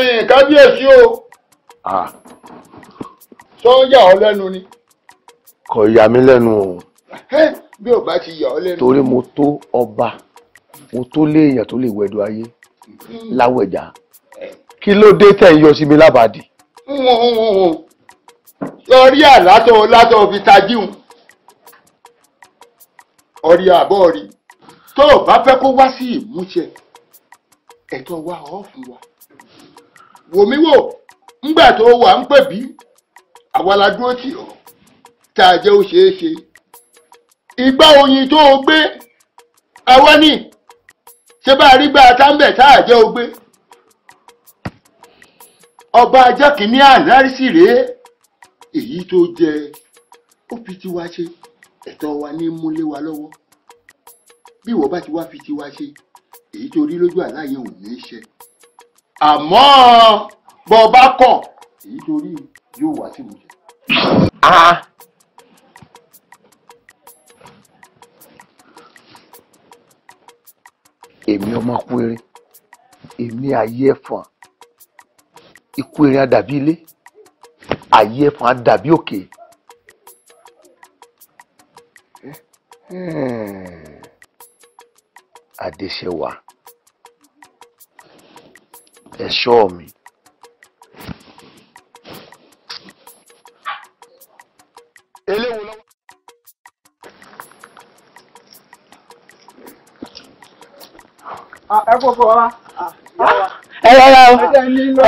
ẹ̀yìn kábíyèsí o sọ yà ọ́ lẹ́nu ni. kò yà mí lẹ́nu o. bí o bá ti yà ọ́ lẹ́nu. torí mo tó ọba mo tó léèyàn tó lè wẹ̀dọ̀ ayé hmm. láwẹ̀já kí ló dé tẹ̀ ń yọ sí mi lábàdì. lọ rí àlátọ̀ látọ̀ fi tajíhùn ọ̀rí àbọ̀ rí tó o bá fẹ́ kó wá sí ìmúṣẹ ẹ̀tọ́ wa ọ̀ fún wa wò mí wò ńgbà tó wà ń pẹ̀bí àwa la dúró tì ọ́ tá a jẹ́ ó ṣeé ṣe ìgbà oyin tó o gbé àwa ní ṣé bá a rí gbà táǹbẹ̀ tá a jẹ́ o gbé ọba ajá kìíní ànárísì rèé èyí tó jẹ ó fi tiwa ṣe ẹ̀tọ́ wa ní múlé wa lọ́wọ́ bí ìwọ bá ti wá fi tiwa ṣe èyí tó rí lójú àlàyé ò ní í ṣe àmọ́ bọ́ ọ bá kọ̀ èyí torí yóò wá sí ìmúṣẹ. èmi ọmọ péré èmi ayé ẹ̀fọn ikú erin àdàbí ilé ayé ẹ̀fọn àdàbí òkè. Adéṣẹ́wà. Hmm ẹ̀ṣọ́ me. eléwo lọ́wọ́. Ah, ẹ kò fọ ah, ẹ rọra o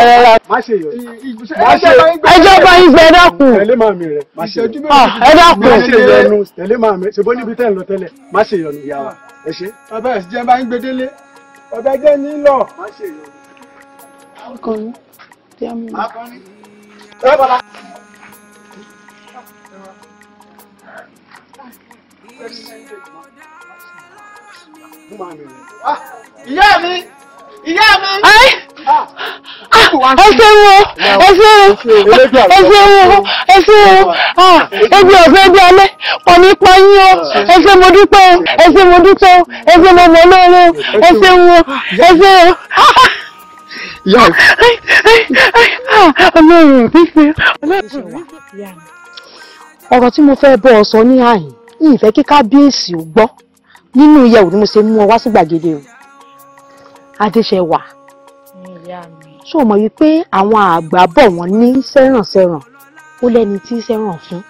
ẹ rọra o. má ẹ dákun. ẹ dákun. tẹ̀lé máa mi ṣe ah, bó níbi tẹ́ ń lọ tẹ́lẹ̀ má ṣe yọnu ìyá ẹ ṣe. bàbá ẹ̀ jẹ́ bá ń gbedele ọ̀gá jẹ́ nílọ̀ má ṣe yọnu akọni tí a mú mi. Ah, ìyá mi ìyá mi. Ah, ah, ẹ ṣe wo ẹ ṣe wo ẹ ṣe wo ẹ ṣe wo ebi ọ̀sẹ̀ ebi alẹ́ pọ̀ nípa o ẹ ṣe mo dúpẹ́ o ẹ ṣe mo dúpẹ́ o ẹ mo mọ̀ lóore o ẹ wo ẹ wo ìyá o. ọlọ́run mi pé ọlọ́run mi pé ọ̀rọ̀ tí mo fẹ́ bọ́ ọ sọ ní àyìn ìfẹ́ kí kábíyèsí ò gbọ́ nínú ìyẹ̀wò ni mo ṣe mú ọ wá sí gbàgede o adéṣẹwà ṣó mọ̀ wípé àwọn àgbà bọ̀ wọ́n ní sẹ́rànsẹ́ràn ó lẹ́ni tí sẹ́ràn fún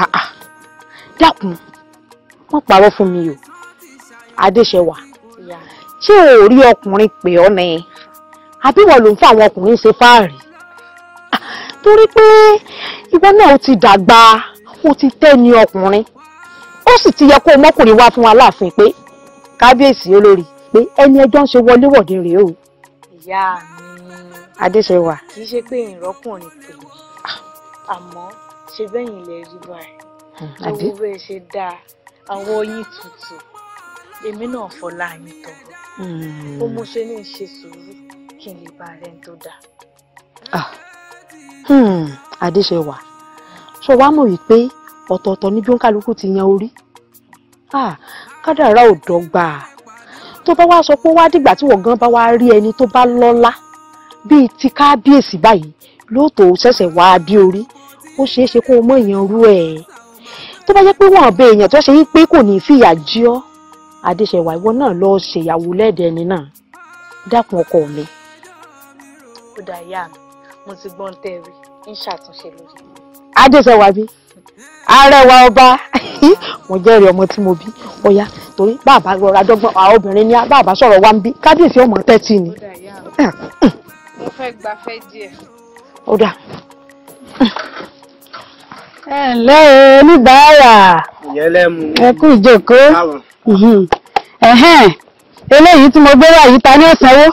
ah, ah. dákun wọ́n parọ́ fún mi o adéṣẹwà ṣé o rí ọkùnrin pè ọ́ ni àbí wọ́n ló ń fún àwọn ọkùnrin ṣe fáàrí torí pé ìwọ náà ó ti dàgbà ó ti tẹ́ni ọkùnrin ó sì ti yẹ kó mọ́kùnrin wá fún wa láàfin pé kábíyèsí olórí pé ẹni ẹjọ́ ń ṣe wọléwọ̀de rèé o. ìyá mi adéṣèwà. kì í ṣe pé ìrọ́kùnrin pè mí àmọ́ ṣe bẹ́yìn lè rí báyìí hmm, owó bẹ́ẹ̀ ṣe dáa àwọn oyin tutù èmi náà fọlá yín tọ̀rọ̀ ó hmm. mú ṣe ní ṣe sùúrù kí n lè bá rẹ ń tó dáa. Hmm, adéṣẹwà ṣọ wàá mọ̀ wípé ọ̀tọ̀ọ̀tọ̀ níbi oníkálukú ti yan orí kádàrá ò dọ́gba tó bá wá sọ pé wá dìgbà tí wọ́n gan bá wá rí ẹni tó bá lọ́lá bíi ti kábíyèsí báyìí lóòótọ́ ṣẹ̀ṣẹ̀ wá bí orí ó ṣeé ṣe kó o mọ̀ èèyàn rú ẹ̀ tó bá jẹ́ pé wọ́n bẹ èèyàn tó ṣe yí pé kò ní í fìyà jí ọ́ adéṣẹwà ìwọ náà lọ́ọ́ ṣèyàwó lẹ́ẹ̀dẹ́ni náà dákun ọkọ mi ó dà ìyá mi mo ti gbọ́n tẹ́rí ń ṣàtúnṣe lórí. adéṣẹ́wà bí arẹwà ọba mo jẹ́rìí ọmọ tí mo bí ó yá torí bàbá rọra dọ́gbọ́n àwọn obìnrin ní bàbá sọ̀rọ̀ wá ń bí kábíyèsí ọmọ tẹ́tí ni. Ah, ah. mo fẹ́ gbafẹ́ díẹ̀. ó dà ẹ ǹlẹ́ o oníbàárà ẹ kú ìjókòó eléyìí tí mo gbé wá yìí ta ni ó sanwó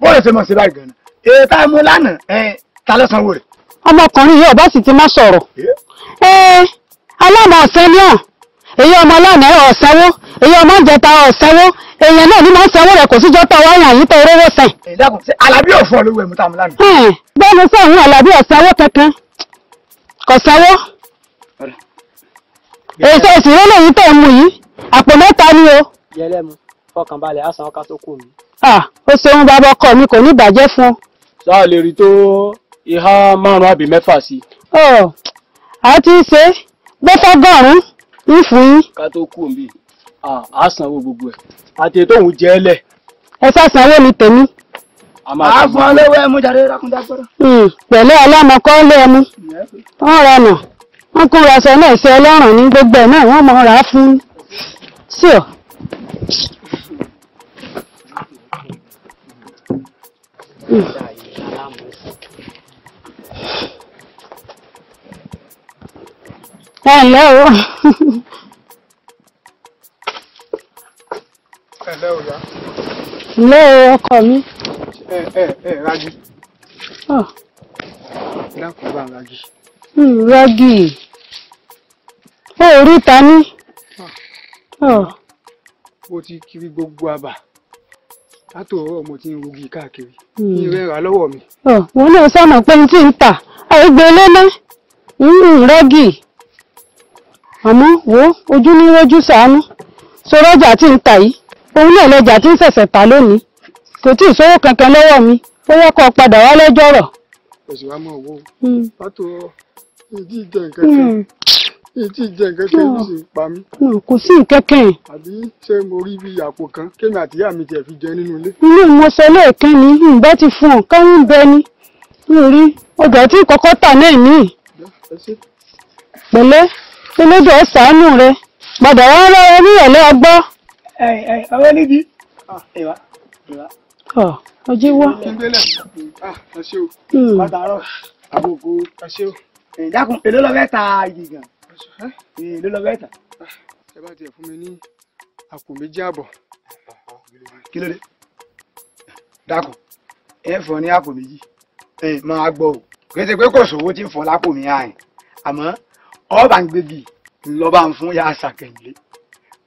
bóyá ṣe mọ̀ sí báyìí gan-an èyí tá a mú lánàá ẹ ta ló sanwó rẹ̀. ọmọkùnrin yìí ọba sì ti má sọ̀rọ̀ aláàmọ̀ ọ̀sán ni ọ̀ èyí ọmọ lánàá ọ̀sánwó èyí ọmọ ìjẹta ọ̀sánwó èèyàn náà ní máa ń sanwó rẹ̀ kò síjọ́ tó wá yàn yín tó rówó sàn. ìdákùn sí alábí ọ̀fọ́ lówó ẹ̀mú táwọn lánàá. a sọ̀rọ̀ alábí ọ̀sánwó kankan kò sanwó. èso ìṣòro lèyí tó ń mú yìí àpò mẹ́ta ni o. yẹlẹ́mu fọkànbalẹ̀ á san ọkà tó kù mí. ó ṣeun bàbá ọkọ mi kò ní ìbàjẹ́ fún. sá a lè rí tó ìhá márùn-ún àbí mẹ́fà sí. a ti ń ṣe gbé fọ́gọ́rùn-ún ń fún yín. ká tó kù mí a sanwó gbogbo ẹ̀ àti ètò òun jẹ́ lẹ̀. ẹ sá sanwó ni tèmi. a fún ọ lówó ẹmu jáde rákúndá gbọ́dọ̀. pẹ̀lú ọlọ́mọkọ́ lé ẹmu wọ́n rọnà wọ́n kó aṣọ náà ṣe ọlọ́run ní gbogbo ẹ̀ náà wọ́n mọ̀ ọ́n rà á fún sí ọ. Hello, hello, o. ẹ ǹlẹ́ o ya. ǹlẹ́ o ọkọ mi. ẹ ẹ ẹ ragi. dákun bá ń ragi. Hmm, ragi ó rí ta ní. Ah. Ah. ó ti kiri gbogbo àbà látòrọ mo ti ń rogi káàkiri hmm. kí n rẹ́ra lọ́wọ́ mi. wọn náà sọ̀nà pé n ti ń tà àìgbé lẹ́lẹ́ ń hmm, rẹ́gì àmọ́ wo ojú ní rojú sàánú sọ̀rọ̀ ọjà tí ń tà yìí òun náà lọ́jà tí ń ṣẹ̀ṣẹ̀ tà lónìí kò tí ì sówó kankan lọ́wọ́ mi ó wọ́kọ̀ padà wá lọ́jọ́ rọ̀. òṣìwà máa wo hmm. látòrọ ìdí ìjẹ nǹkan kan tí jẹ nǹkan kan ní sì ń pa mí. kò sí nǹkan kan yẹn. àbí ṣé mo rí bí àpò kan kémi àti ìyá mi tiẹ̀ fi jẹ nínú ilé. inú ìmọ̀ọ́sọ lẹ́ẹ̀kan ni ìgbà ti fún ọ káwọn ń bẹ ni mi rí ọjà tí kọ́kọ́ tà náà ní. pẹ̀lẹ́ elédè ọ̀sánù rẹ padà wá lọ́wọ́ nírọ̀lẹ́ ọgbọ́. ẹ ẹ ọwọ́ níbi. ìwà ìwà. ọjọ́ wá. ìgbélẹ̀ o. bàtà rọ àbòkù ẹ o. ìdákun èlò ta ìdìgàn èló lọ bẹ́ẹ̀ tà. ẹ bá tiẹ̀ fún mi ní àpò méjì àbọ̀ kí ló dé dákun ẹ fọ ní àpò méjì ẹ máa gbọ́ o kì í ṣe pé kò sówó tí ń fọ lápò mi àyìn àmọ́ ọba ń gbégi lọ́ba ń fún yàrá ṣàkẹ́yìnlé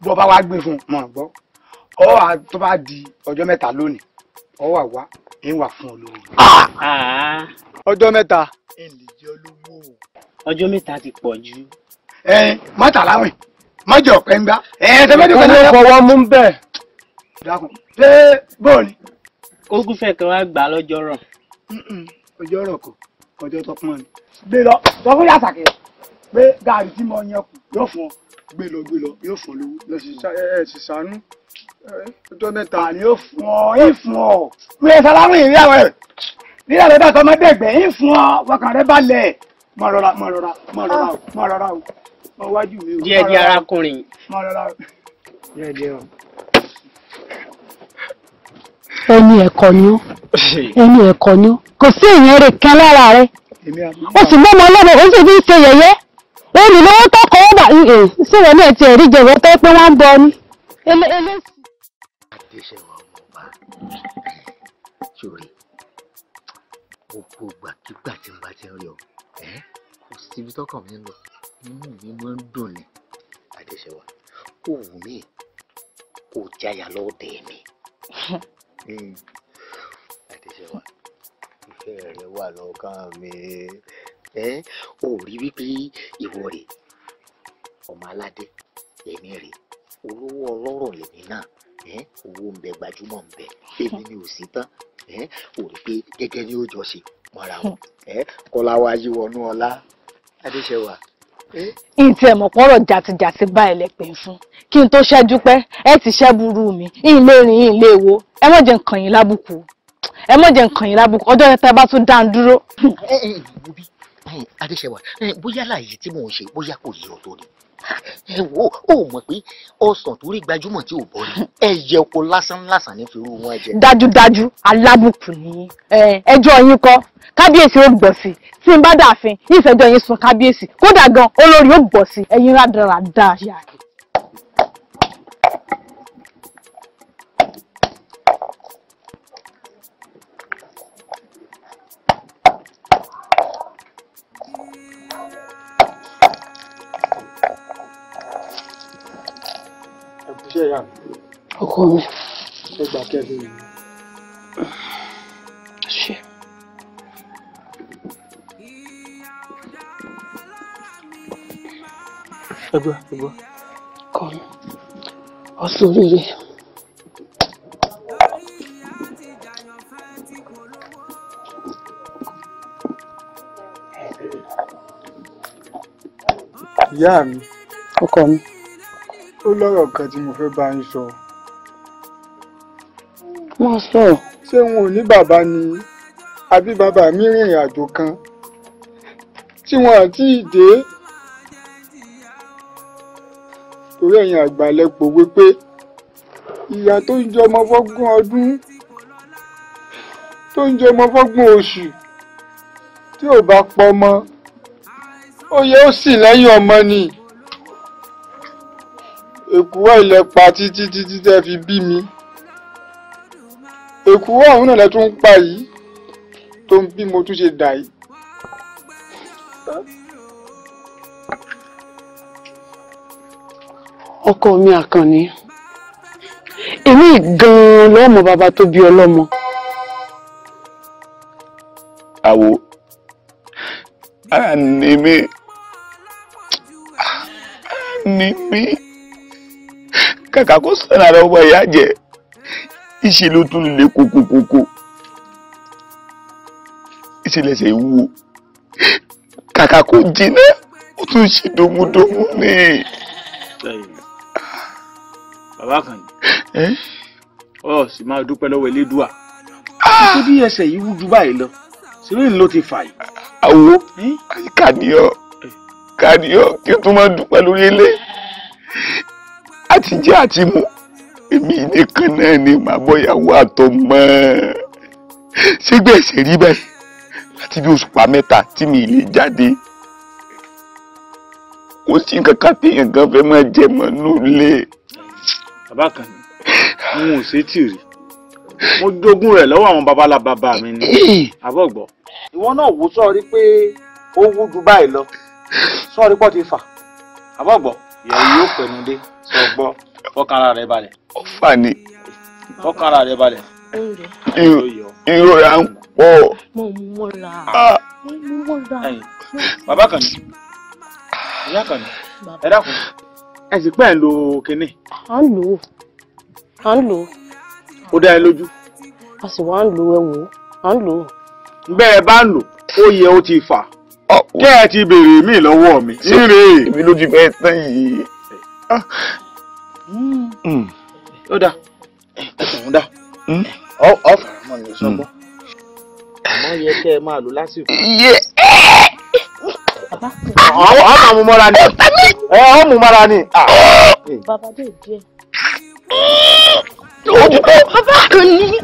bọ́ bá wá gbé fún un mọ̀ gbọ́ ọ wà tó bá di ọjọ́ mẹ́ta lónìí ọ wà wá ẹ wà fún olówó. Ah, ah. ọjọ́ mẹ́ta. ẹ lè jẹ́ olówó. ọjọ́ mẹ́ta ti pọ̀ jù mọ́tàláwìn mọ́jọ pẹ́ngbá. kọ́mọ fọwọ́ mú bẹ́ẹ̀. dákun ṣé bọ́ọ̀lì. ogun fẹ́ kan wá gbà lọ́jọ́ rọ̀. ọjọ́ rọ̀ kọ ọjọ́ tó pọ́n ni. gbé lọ sọ fún yàtàkì pé gààrí tí mo yan kù yóò fún ọ gbé lọ gbé lọ yóò fún ọ lówó. ẹ sì sànú ọjọ́ mẹ́ta. àní yóò fún ọ yín fún ọ. pé sálámù ìrí àwọn ẹ̀ nígbà tó bá sọmọdé ẹgbẹ́ yín fún ọ fọkàn rẹ balẹ̀ mọ rọra mọ rọra mọ ah. rọra o mọ rọra o mọ wájú mi o. díẹ̀ díẹ̀ arákùnrin. mọ rọra o. díẹ̀ díẹ̀ o. ẹni ẹ̀kọ́ ni ó ẹni ẹ̀kọ́ ni ó kò sí èèyàn rè kan lára rẹ̀ o sì mọ́ ọmọ o sì fi ń ṣe yẹ̀yẹ́ olùlọ́wọ́ tó kọ́ ọ́ bà ṣé wọn náà ti ẹ̀rí jẹ̀wọ́ tó pé wọ́n ń bọ ni. àdéṣe wa ọmọọba sórí tí n bá ti ń rí ọ kò sí ibi tọkàn mi ń lọ inú mi máa ń dùn ni àdéṣẹwà kò wù mí kò jáyà lọ́ọ̀dẹ mi àdéṣẹwà ìfẹ́ rẹ wà lọ́kàn mi ò rí wípé ìwọ rè ọmọ aládé èmi rè olówó ọlọ́rọ̀ lèmi náà owó ń bẹ gbajúmọ̀ ń bẹ èmi ni ò sí tán ò rí pé gẹ́gẹ́ ní òjọ ṣe mọ́ra wọn kọ́lá wa yí wọnú ọlá adéṣẹwà. ìtì ẹ̀mọ̀ pọ́nrọ̀ jàtìjàtì bá ẹ lẹ́pẹ̀ fún kí n tó ṣẹ́jú pẹ́ ẹ ti ṣẹ́ burú mi ilé rìn ilé wo ẹ mọ̀ jẹ́ nǹkan yín lábùkù ẹ mọ̀ jẹ́ nǹkan yín lábùkù ọjọ́ yẹn tẹ́ bá tún dá ń dúró. adéṣẹwà bóyá láàyè tí mò ń ṣe bóyá kò yí ọ tó ni ẹ wo ó mọ̀ pé ọsàn tó rí gbajúmọ̀ tí ò bọ́ ni ẹyẹ oko lásánlásán ní fìrú wọn jẹ. dájúdájú alábùkù ni ẹjọ́ yín kọ́ kábíyèsí ó gbọ́ sí tí n bá dààfin ní ìṣẹ́jọ́ yín sùn kábíyèsí kódà gan olórí ó gbọ́ sí ẹ̀yin rádaràda yàrá. ọkọ mi. ẹ gbà kẹfì mi. ṣe. ẹ gbọ́ ẹ gbọ́. ọkọ mi ọsùn oríire. ìyá mi ọkọ mi ó lọ́rọ̀ kan tí mo fẹ́ bá yín sọ. So wọ́n sọ. ṣé wọn ò ní bàbá ni àbí bàbá mi rìnrìn àjò kan tí wọn àti ìdè torí ẹ̀yin àgbàlẹ̀ pòwe pé ìyá tó ń jẹ ọmọ fọ́gbọ̀n ọdún tó ń jẹ ọmọ fọ́gbọ̀n oṣù tí ò bá pọ̀ mọ́ ó yẹ ó sì lẹ́yìn ọmọ ni èkúwọ́ ilẹ̀ pa títí títí tẹ́ fi bí mi èkúrò ọ̀hún náà lẹ́tún ń pa yìí tó ń bí mo tún ṣe dà yìí. ọkọ mi àkànní èmi gan-an lọ́mọ bàbá tó bí ọlọ́mọ. àwo ara ni kàkà kó sọ̀rọ̀ àwọn ọmọ ìyá jẹ́ ìṣe ló tún lè kókókókó ìṣẹlẹsẹ ìwúwo kàkà kó jiná ó tún ṣe domudomu ni. bàbá kan yìí ọ sì máa dúpẹ́ lọ́wọ́ elédùà títí ah! bí ẹsẹ̀ yìí wú ju báyìí lọ síbí ló ti fà yìí. àwo kàníyàn kàníyàn kí n tún máa dúpẹ́ lórí ilé àtijẹ àti mu èmi nìkan náà ni màá bọ́yàwó àtọmọ ṣégbé ẹ̀sẹ̀ rí báyìí láti bí òṣùpá mẹ́ta tí mi lè jáde kò sí nǹkan ká téèyàn kan fẹ́ máa jẹ mọ́ nù lé. bàbá kan ni n ò sétí rí mo jogún rẹ̀ lọ́wọ́ àwọn babalábàbà mi ni àbọ̀gbọ́. ìwọ náà wò sọ́ọ́rí pé ó wú ju báyìí lọ sọ́ọ́rí pọ̀ ti fà àbọ̀gbọ́ ìyàwó yóò pẹ̀lú dé sọ gbọ́ fọkànra rẹ̀ balẹ̀. ọ̀fà ni. ọkàn ara rẹ balẹ̀. ìrora ń pọ̀. mo mú mọ́ra. Ah. mo mú mọ́ra. bàbá kan ní ìyá kan ní ẹ dákun ẹ sì pẹ́ ń lo kinní. à ń lò ó à ń lò ó. ó dá a sì wá ń lo ẹ wò ń ó dà ọkùnrin dà ọ faramọ́ ni sọgbọn àmọ́ yẹ kẹ́ ẹ máa lò lásìkò. ọ máa mú mọ́ra ni ọ mú mọ́ra ni. bàbá ah. dé díẹ̀. ojúbọ bàbá kan ah. ní.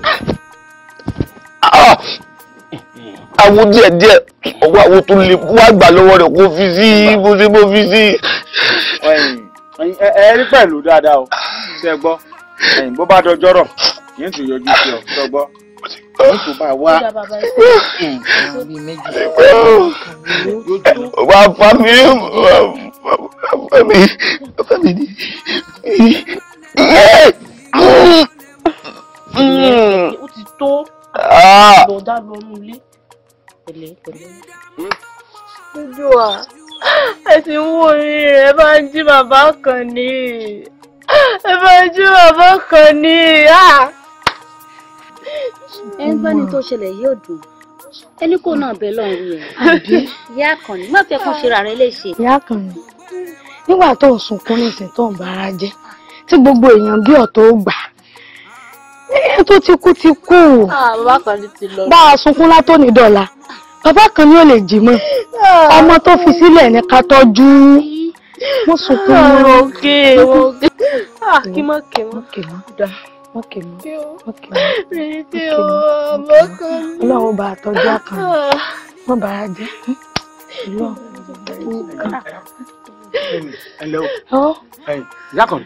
awo díẹ̀ díẹ̀ ọwọ́ awo tó lè wá gbà lọ́wọ́ rẹ̀ kó fi sí bó ṣe bó fi sí. ẹ ẹ rí pẹ̀lú dáadáa o ṣe gbọ́ ẹ̀yìn bó bá dọjọ́rọ̀ yín tún yọjú sí ọ dọgbọ́ yín tún bá wá. wà á fa mi fa mi fa mi ni. Mm. ó ti tó lọ́dá ah. lọ́nu ilé pẹ̀lẹ́ pẹ̀lẹ́. ojú wa ẹ ti ń wo orí rẹ bá ń jí bàbá kan ní ìbòjú bàbá kan ni ẹ ń gbọ́ ni tó ṣẹlẹ̀ yóò dùn ẹni kò náà bẹ lọ́run rẹ̀ ìyá àkànní má fẹ́ kún ṣe rárẹ̀ léṣe. ìyá àkànní nígbà tó ń sunkún nísìnyí tó ń bara jẹ́ tí gbogbo èèyàn bí ọ̀tọ̀ ó gbà ẹ tó ti kú ti kú ah, bá a sunkún látó dọ̀la bàbá kan ni ó lè jì mọ́ ah. ọmọ tó fi sílẹ̀ ní ká tọ́jú. Ah, wọ́n sunkún mọ́. òkè òkè kí má kè má kè má dá má kè má má kè má má kè má ọlọ́run bá àtọ́jú ah. àkàn má bàrà jẹ́ kan. ẹ̀lẹ́ o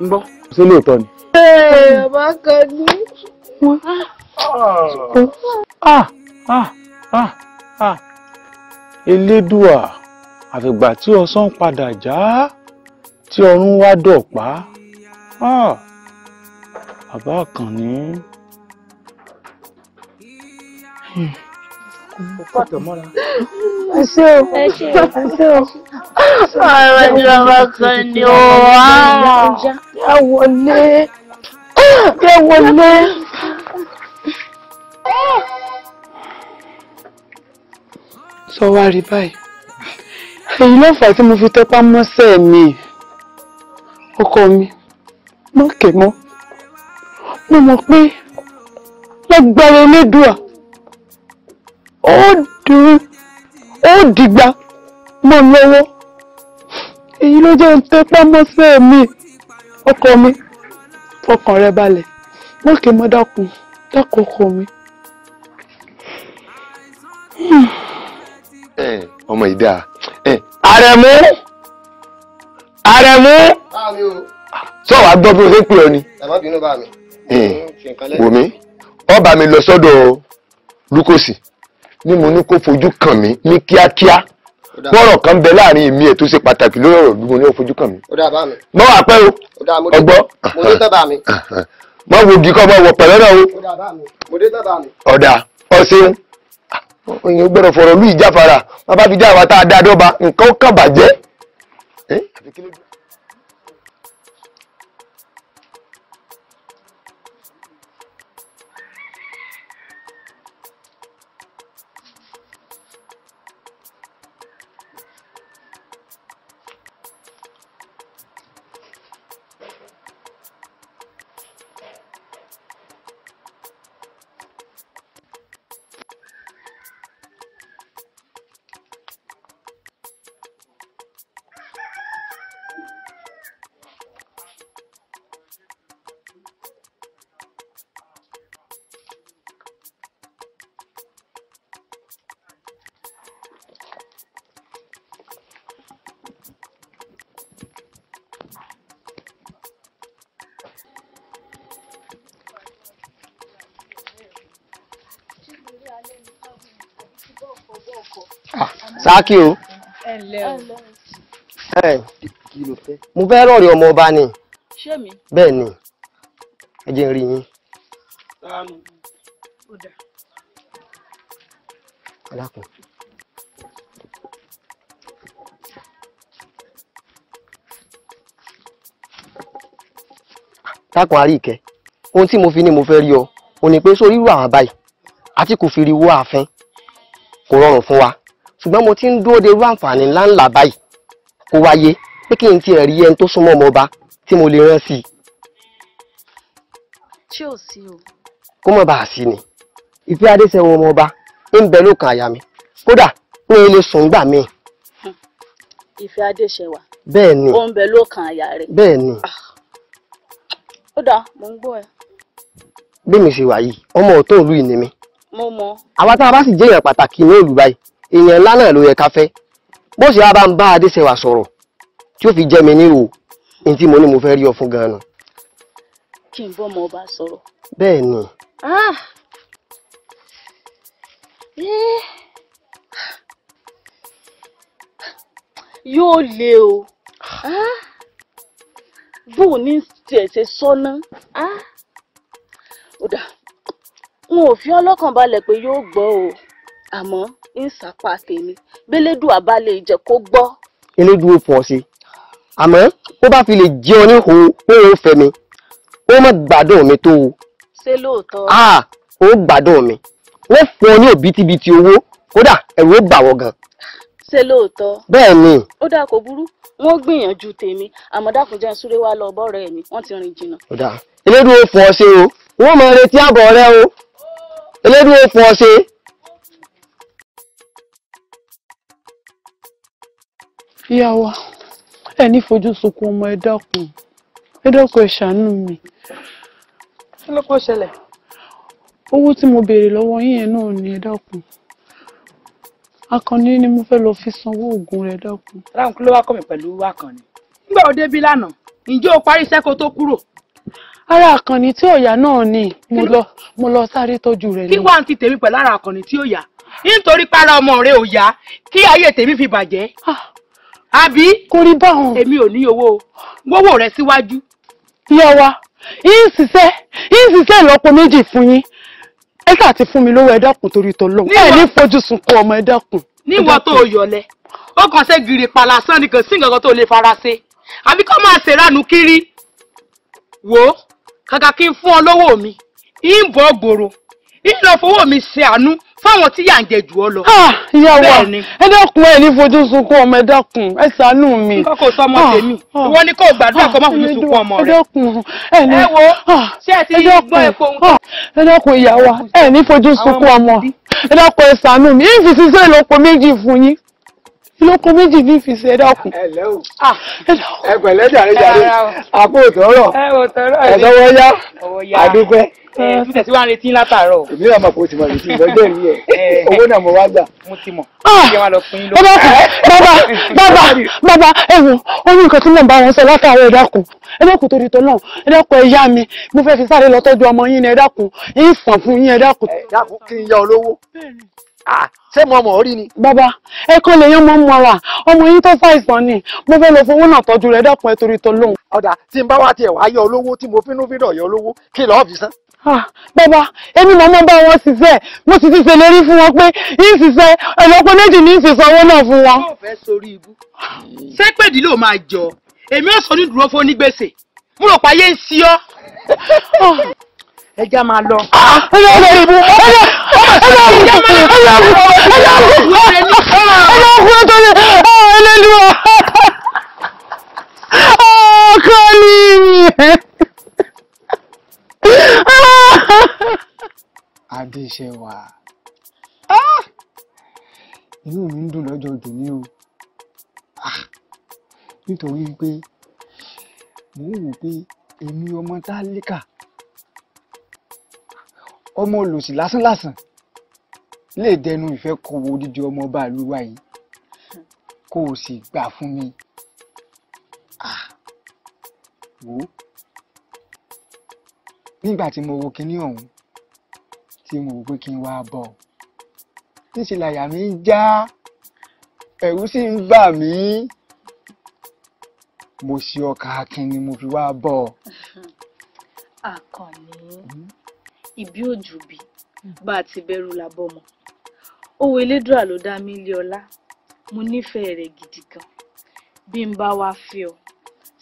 ń gbọ́. ṣé lóòótọ́ ni. ọba kan ní. ah ah ah ah elédùà àfìgbà tí ọ̀sán padà já tí ọ̀run wá dọ̀pá ah, bàbá Àkànní. ẹ ṣé o ẹ ṣé o. ọ̀rọ̀ ìjọba kan ni ó wà. Ah. ẹ wọlé ẹ wọlé. sọ wá rí báyìí èyí ló fà tí mo fi tẹpá mọ́ṣẹ́ mi ọkọ mi má kè mọ́ mo mọ̀ pé lágbára elédùà ó dùn ó dìgbà mọ́ lọ́wọ́ èyí ló jẹ́ tẹpá mọ́ṣẹ́ mi ọkọ mi fọkàn rẹ balẹ̀ má kè mọ́ dákun dákun ọkọ mi. Hmm. Eh, ọmọ ìdá ẹ eh, àrẹ̀mú àrẹ̀mú sọ wàá gbọ́ bí o ṣe ń pè ọ ni. bàbá bínú bá mi. wòmí ọba mi lọ sọ́dọ̀ lukosi ni mo ní kó fojú kàn mí ní kíákíá wọ́rọ̀ kan bẹ láàrin èmi ẹ̀ tó ṣe pàtàkì lórí ọ̀rọ̀ gbogbo ní òfojú kàn mí. mọ wà pẹ́ o ọgbọ́ mọ wo gíkọ́ mọ wọ pẹ̀lẹ́ náà o ọ̀dà ọ̀sẹ̀ èèyàn gbọ́dọ̀ fọ̀rọ̀ lù ìjáfara bàbá fi já àwa tá a dá dọ́ba nǹkan ó kàn bàjẹ́. káàkì o. mo fẹ́ rọ̀rí ọmọ ọba ni bẹ́ẹ̀ ni ẹ jẹ́ n rí yín. alákùn. tákùn àríkẹ́ ohun tí mo fi ní mo fẹ́ rí ọ ò ní pé sórí irú àwọn báyìí àti kò fi rí wọ ààfin kò rọrùn fún wa ṣùgbọ́n mo ti ń dúró de irú àǹfààní ńláńlá báyìí kó wáyé pé kí n tiẹ̀ rí ẹni tó súnmọ́ ọmọ ọba tí mo lè rán sí i. tí ò sí o. kó mọ̀ bá a sí ni ìfẹ́ adéṣẹ́wọ̀n ọmọ ọba ń bẹ lókàn àyà mi kódà ní ilé sùn gbà míì. ìfẹ́ adéṣẹ́wà. bẹ́ẹ̀ ni ó ń bẹ lókàn àyà rẹ̀. bẹ́ẹ̀ ni. Ah. ó dáa mò ń gbọ́ ẹ. bí mi ṣe wà yìí ọmọ ọ̀tọ̀ òlu ìní mi. mo mọ èèyàn ńlá náà ló yẹ ká fẹ́ bó sì wá bá ń bá adéṣẹwà sọ̀rọ̀ tí ó fi jẹ́ mi níwò ní tí mo ní mo fẹ́ rí ọ fún ganan. kí n bọ́ ọmọ ọba sọ̀rọ̀. bẹ́ẹ̀ ni. ah eh yóò le o ah! bó o ní tiẹ̀ ṣe sọ́nà ah! ó dà n ò fi ọlọ́kàn balẹ̀ pé yóò gbọ́ o àmọ́ ń sàpà tèmi bẹ́lẹ́dùà bá lè jẹ́ kó gbọ́. elédùn fọ ṣe àmọ́ ó bá fi lè jẹ́ ọ ní ho pé ó fẹ́ mi ó má gbádùn mi tó o. ṣé lóòótọ́. a ó gbádùn mi wọ́n fún ọ ní òbítíbitì owó kódà ẹ̀rù ó bà wọ́ gan. ṣé lóòótọ́. bẹ́ẹ̀ ni. ó dáa kò burú wọ́n gbìyànjú tèmi àmọ́ dákun jẹ́ súré wá lọ bọ́ọ̀rẹ́ mi wọ́n ti rìn jìnnà. ó dáa elédùn fọ ṣe o wọ́n mọ retí àbọ̀ rẹ o elédùn fọ ṣe. ìyá wa ẹ ní fojú sunkún ọmọ ẹ dákun ẹ dákun ẹ ṣàánú mi. kí ló kó ṣẹlẹ̀. owó tí mo béèrè lọ́wọ́ yín yẹn náà ni ẹ dákun akànnì ni mo fẹ́ lọ fi sanwó oògùn rẹ dákun. ráhùn kí ló wá kọ́ mi pẹ̀lú akànnì. nígbà wo débí lánàá ǹjẹ́ o parí iṣẹ́ kó tó kúrò. ara akànnì tí ò yá náà ni mo lọ mo lọ sáré tọ́jú rẹ̀ ni. kí wàá ti tèmi pẹ̀lú ara akànnì tí ò yá nítorí para ọmọ rẹ ò yá kí ayé tèmi fi bàjẹ́. Ah, àbí. kò rí báwọn. èmi ò ní owó gbówó rẹ síwájú. ìyá wa yín ṣiṣẹ́ yín ṣiṣẹ́ ìlọ́po méjì fún yín ẹ sà ti fún mi lówó ẹ dákun torí tọlọ́hún ẹ ní fojú sunkún ọmọ ẹ dákun. níwọ̀n tó o yọlẹ ó kàn ṣe gírí palasán ni kò sí nǹkan tó lè fara ṣe àbí kó máa ṣèrànú kiri Wo. kàkà kí n fún ọ lówó mi ń bọ́ gbòòrò ń lọ fowó mi ṣe àánú fáwọn tí yà ń jẹ jù ọ lọ. Ah, ìyá wa ẹ dákun ẹ ní fojú sunkún ọmọ ẹ dákun ẹ ṣàánú mi. nǹkan kò sọ ọmọ ah, tèmi ah, ìwọ ni kò gbàdúrà kó má fojú sunkún ọmọ rẹ. ẹ dákun ẹ ní ẹ wo ṣé ẹ ti gbọ́ epo nǹkan. ẹ dákun ìyá wa ẹ ní fojú sunkún ọmọ ẹ dákun ẹ ṣàánú mi ìfi ṣiṣẹ́ ìlọ́po méjì fún yín ìlọ́po méjì ní ìfi ṣe ẹ dákun. ẹ o ẹ pẹ̀lẹ́ jàre jàre àpò òtọ́rọ̀ ẹ̀ sọ́wọ́ yá àdúpẹ́ mo tẹ̀sí wá ń retí látàárọ̀. èmi náà mọ̀ pé o ti mọ̀ retí ìgbọ́jọ́ ìlú ẹ̀ owó náà mo wá gbà. mo ti mọ̀ ah! kí wọ́n lọ fún yín lóko. bàbá bàbá bàbá ẹ wò ó ní nǹkan tí mò ń bá wọn sọ látàárọ̀ ẹ dákun ẹ dákun torí tó náà ẹ dákun ẹ yá mi mo fẹ́ fi sáré lọ tọ́jú ọmọ yín ni ẹ dákun yín sàn fún yín ẹ dákun. ẹ dákun kí n yá olówó ṣé mo mọ̀ orí ni. bàbá ẹ kọ́ lè yan mọ́ mu ara ọmọ yín tó ṣàìsàn Ah, bàbá èmi màmá bá wọn ṣiṣẹ́ mo sì ti ṣèlérí fún wọn pé yín ṣiṣẹ́ ẹ̀lọ́pọ̀ méjì ní ìṣèṣọ́ owó náà fún wọn. ṣé pèdí ló máa jọ èmi ò sọ ní dúró fún onígbèsè mo rò páyé ń sí ọ. Ah. ẹja máa lọ. Ah, ẹja máa lọ ẹja máa lọ ẹja máa lọ ẹja kú nítorí ẹlẹ́lúwa kọ́ni. Adéṣẹ́wà ah! inú mi ń dùn lọ́jọ́ tòní o ah! nítorí pé mò ń wò pé èmi ọmọ tálíkà ọmọ olòṣì lásánlàsàn lè dẹnu ìfẹ́ kọ odidi ọmọ ọba ìlú yìí kó sì gbà fún mi ah! wò ó nígbà tí mo wo kinní ọ̀hún tí mo wò pé kí n wá bọ̀ níṣẹ́ làyà mi ń já ẹ̀rù sì ń bà mí mo ṣe ọkà akin mo fi wá bọ̀. àkànní ìbí òjò bí hmm. bá a ti bẹ̀rù làbọ̀mọ owó elédùà ló dá mi lé mo nífẹ̀ẹ́ rẹ̀ gidi gan bí n bá wá fẹ́ ọ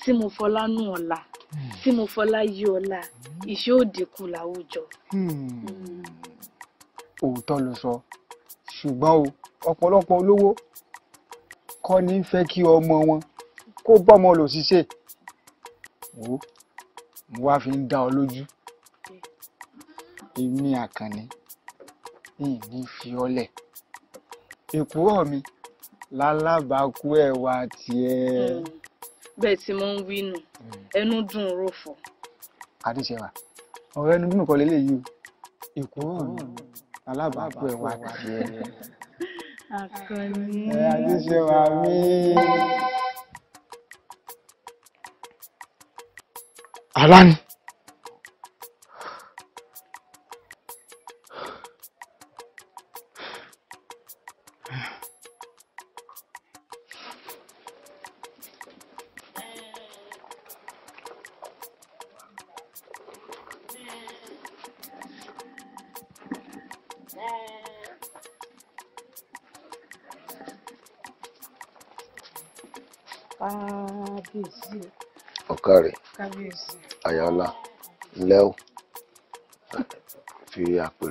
tí mo fọlá nù ọ̀la hmm. tí mo fọlá yí ọ̀la ìṣe ò dínkù láwùjọ. Hmm. Hmm. òótọ́ ló sọ ṣùgbọ́n o ọ̀pọ̀lọpọ̀ olówó kọ́ ní fẹ́ kí ọmọ wọn kó bọ́mọ lò ṣiṣẹ́ o mo wá fi ń dá ọ lójú èmi àkànní ìní fi ọ lẹ̀ èkúrọ̀ mi lálábàákú ẹ̀wà tiẹ̀. Hmm. bẹ́ẹ̀ tí mo ń wí nù ẹnu dùn rò fọ́ àdìsẹwà ọ̀rẹ́ ẹnu bímọ kọlẹ léyìí o èkó hàn mí alábàápọ ẹwà àtìyẹ akọni ẹ àdìsẹwà mi. alani.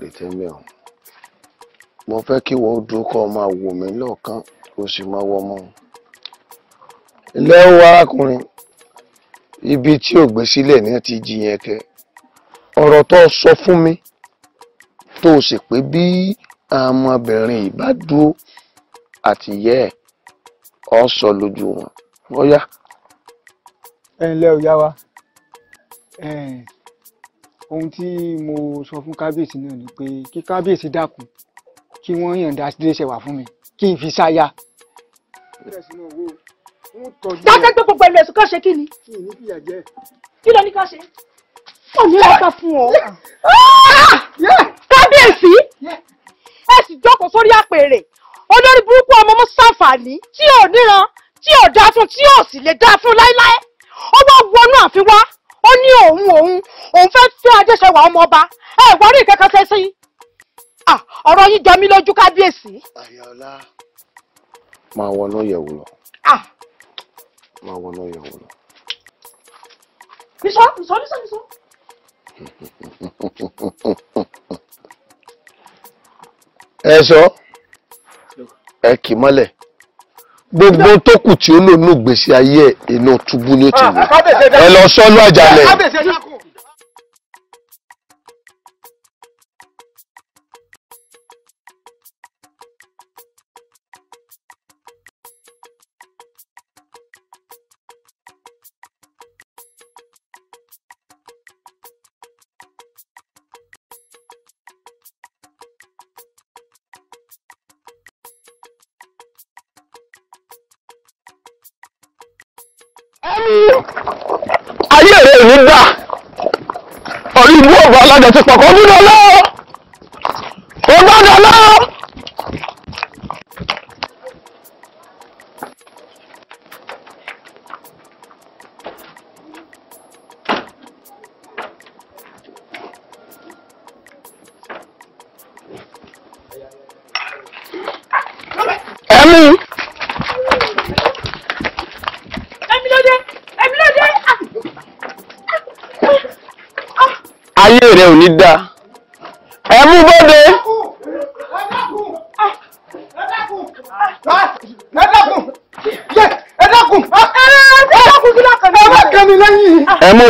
ètè ń bẹ̀ wọ́n mo fẹ́ kí wọ́n dúró kọ́ máa wò mí lọ́ọ̀kan kó sì máa wọ́ mọ́ ilé ó arákùnrin ibi tí ò gbé sílẹ̀ ní ti jiyàn kẹ ọ̀rọ̀ tó sọ fún mi tó sì pé bí ọmọbìnrin ìbá dúró àti yẹ ẹ ọ sọ lójú wọn ó yá. ẹ ǹlẹ́ o yá wa ohun tí mo sọ fún kábíyèsí náà ni pé kí kábíyèsí dákun kí wọ́n yànda síléṣẹ́ wà fún mi kí n fi ṣáya. dájẹ́ pé gbogbo ẹlẹ́sùn kan ṣe kí ni. kí ló ní ká ṣe. ó ní ọ̀pá fún ọ. Ah! kábíyèsí ẹ sì jókòó sórí àpèrè olórí burúkú ọmọ mú ṣàǹfààní tí ò níran tí ò dáa fún tí ò sì lè dáa fún láéláé ó wá wọnú àfin wá ó ní òun òun òun fẹ́ fẹ́ adéṣẹwà ọmọọba ẹ wá rí ìkẹ́kẹ́ fẹ́ sí ọ̀rọ̀ yín jọ mí lójú kábíyèsí. ayọ̀lá máa wọnú yẹ̀wò lọ. máa wọnú yẹ̀wò lọ. nìṣọ́ nìṣọ́ nìṣọ́ nìṣọ́. ẹ sọ ẹ kì mọ́lẹ̀ gbogbo tó kù tí ó lò nù gbèsè ayé ẹ inú túbú ni ó ti ah, wọ ẹ lọ sọlú àjàlẹ. dẹ̀ ti pọ̀ kọ́ nínú ọlọ́run.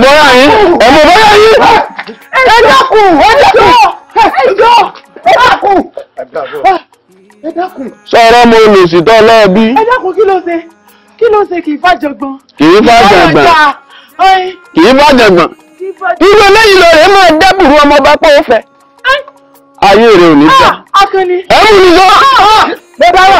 bọ́yà yín ẹ̀mú bọ́yà yín. ẹ dákun ẹ dákun ẹ jọ ẹ dákun ẹ dákun. sọ̀rọ̀ mo lò sí tọ́ lọ́ọ̀bí. ẹ dákun kí ló ṣe kí ló ṣe kì í fàjọgbọ́n. kì í fàjọgbọ́n kì í fàjọgbọ́n. irú eléyìí lóore máa dábùrú ọmọọba pé ó fẹ́. ayé rẹ̀ ò ní gbà. Ah, ẹ̀mú ni sọ. Ah, ah, bẹ́ẹ̀ bá wà.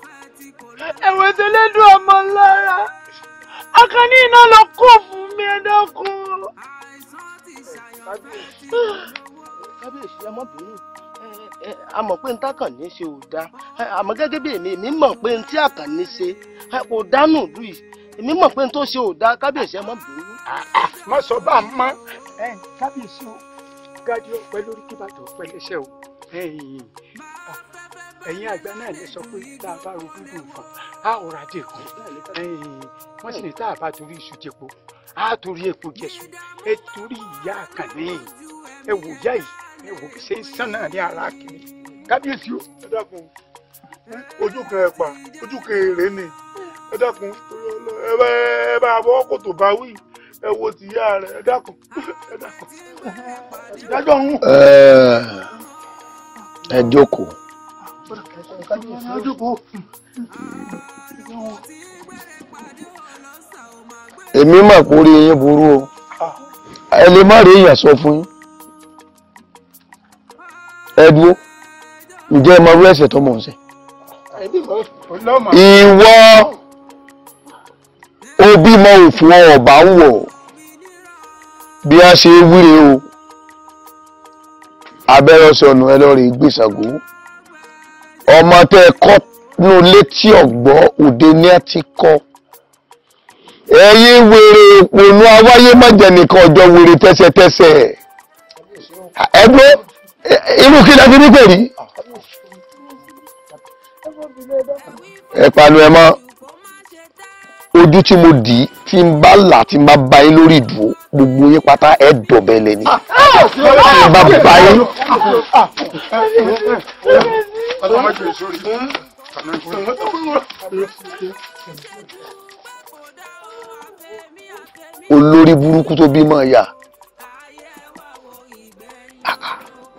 ẹ̀wọ̀n tó lẹ́dùn ọmọ lára akànnì iná lọ kó fún mi ẹ̀dọ́kun. kábíyèsí ẹ mọ bínú a mọ̀ pé n tákànnì ṣe ò dáa àmọ́ gẹ́gẹ́ bí èmi èmi mọ̀ pé n tí àkànnì ṣe kò dánù lù yìí èmi mọ̀ pé n tó ṣe ò dáa kábíyèsí ẹ mọ bínú. má sọ bá a mọ kábíyèsí o gájú ọpẹ lórí kíbàtà ọpẹ lẹsẹ o ẹ̀yin àgbà náà lè sọ pé tá a bá ro gúgùn fún a ò ra dèkù wọ́n sì ní tá a bá torí iṣu jẹpo a torí epo jẹsùn ẹ torí ìyá àkànní ẹ wò yá yìí ẹ wò ṣe ń sán náà ní ara kiri kábíyèsí o ẹ dákun ojú kan ẹ pa ojú kan èrè ni ẹ dákun ẹ bá bọ́ kòtò bá wí ẹ wo tìyá rẹ ẹ dákun ẹ dákun ìdájọ́ ń ẹ jókòó èmi mà kó rí yín burú o ẹ lè má rí èèyàn sọ fún yín ẹ dúró ǹjẹ́ ẹ máa rú ẹ̀ṣẹ̀ tó mọ̀ ìwọ òbí mọ òfin ọba ń bí a ṣe wíre o abẹ́rẹ́ ọ̀sẹ̀ ọ̀nà gbèsàgò ọmọ tẹ́ ẹ kọ́ nù létí ọ̀gbọ́ òde ni a ti kọ́ ẹ̀yin wèrè òpònú awáyé mọ̀jẹ̀ nìkan ọjọ́ wèrè tẹ́sẹ̀tẹ́sẹ̀ ẹgbẹ́ irú kí lẹ́bi nígbè rí ẹ panu ẹ mọ́ ojú tí mo dì í tí n bá là tí n bá ba yín lórí ìdúró gbogbo yín pátá ẹ dọ̀bẹ̀ lẹ́ni tí n bá ba yín. Ọlọ́mọ jù ìṣòrí. Olórí burúkú tó bímọ ya.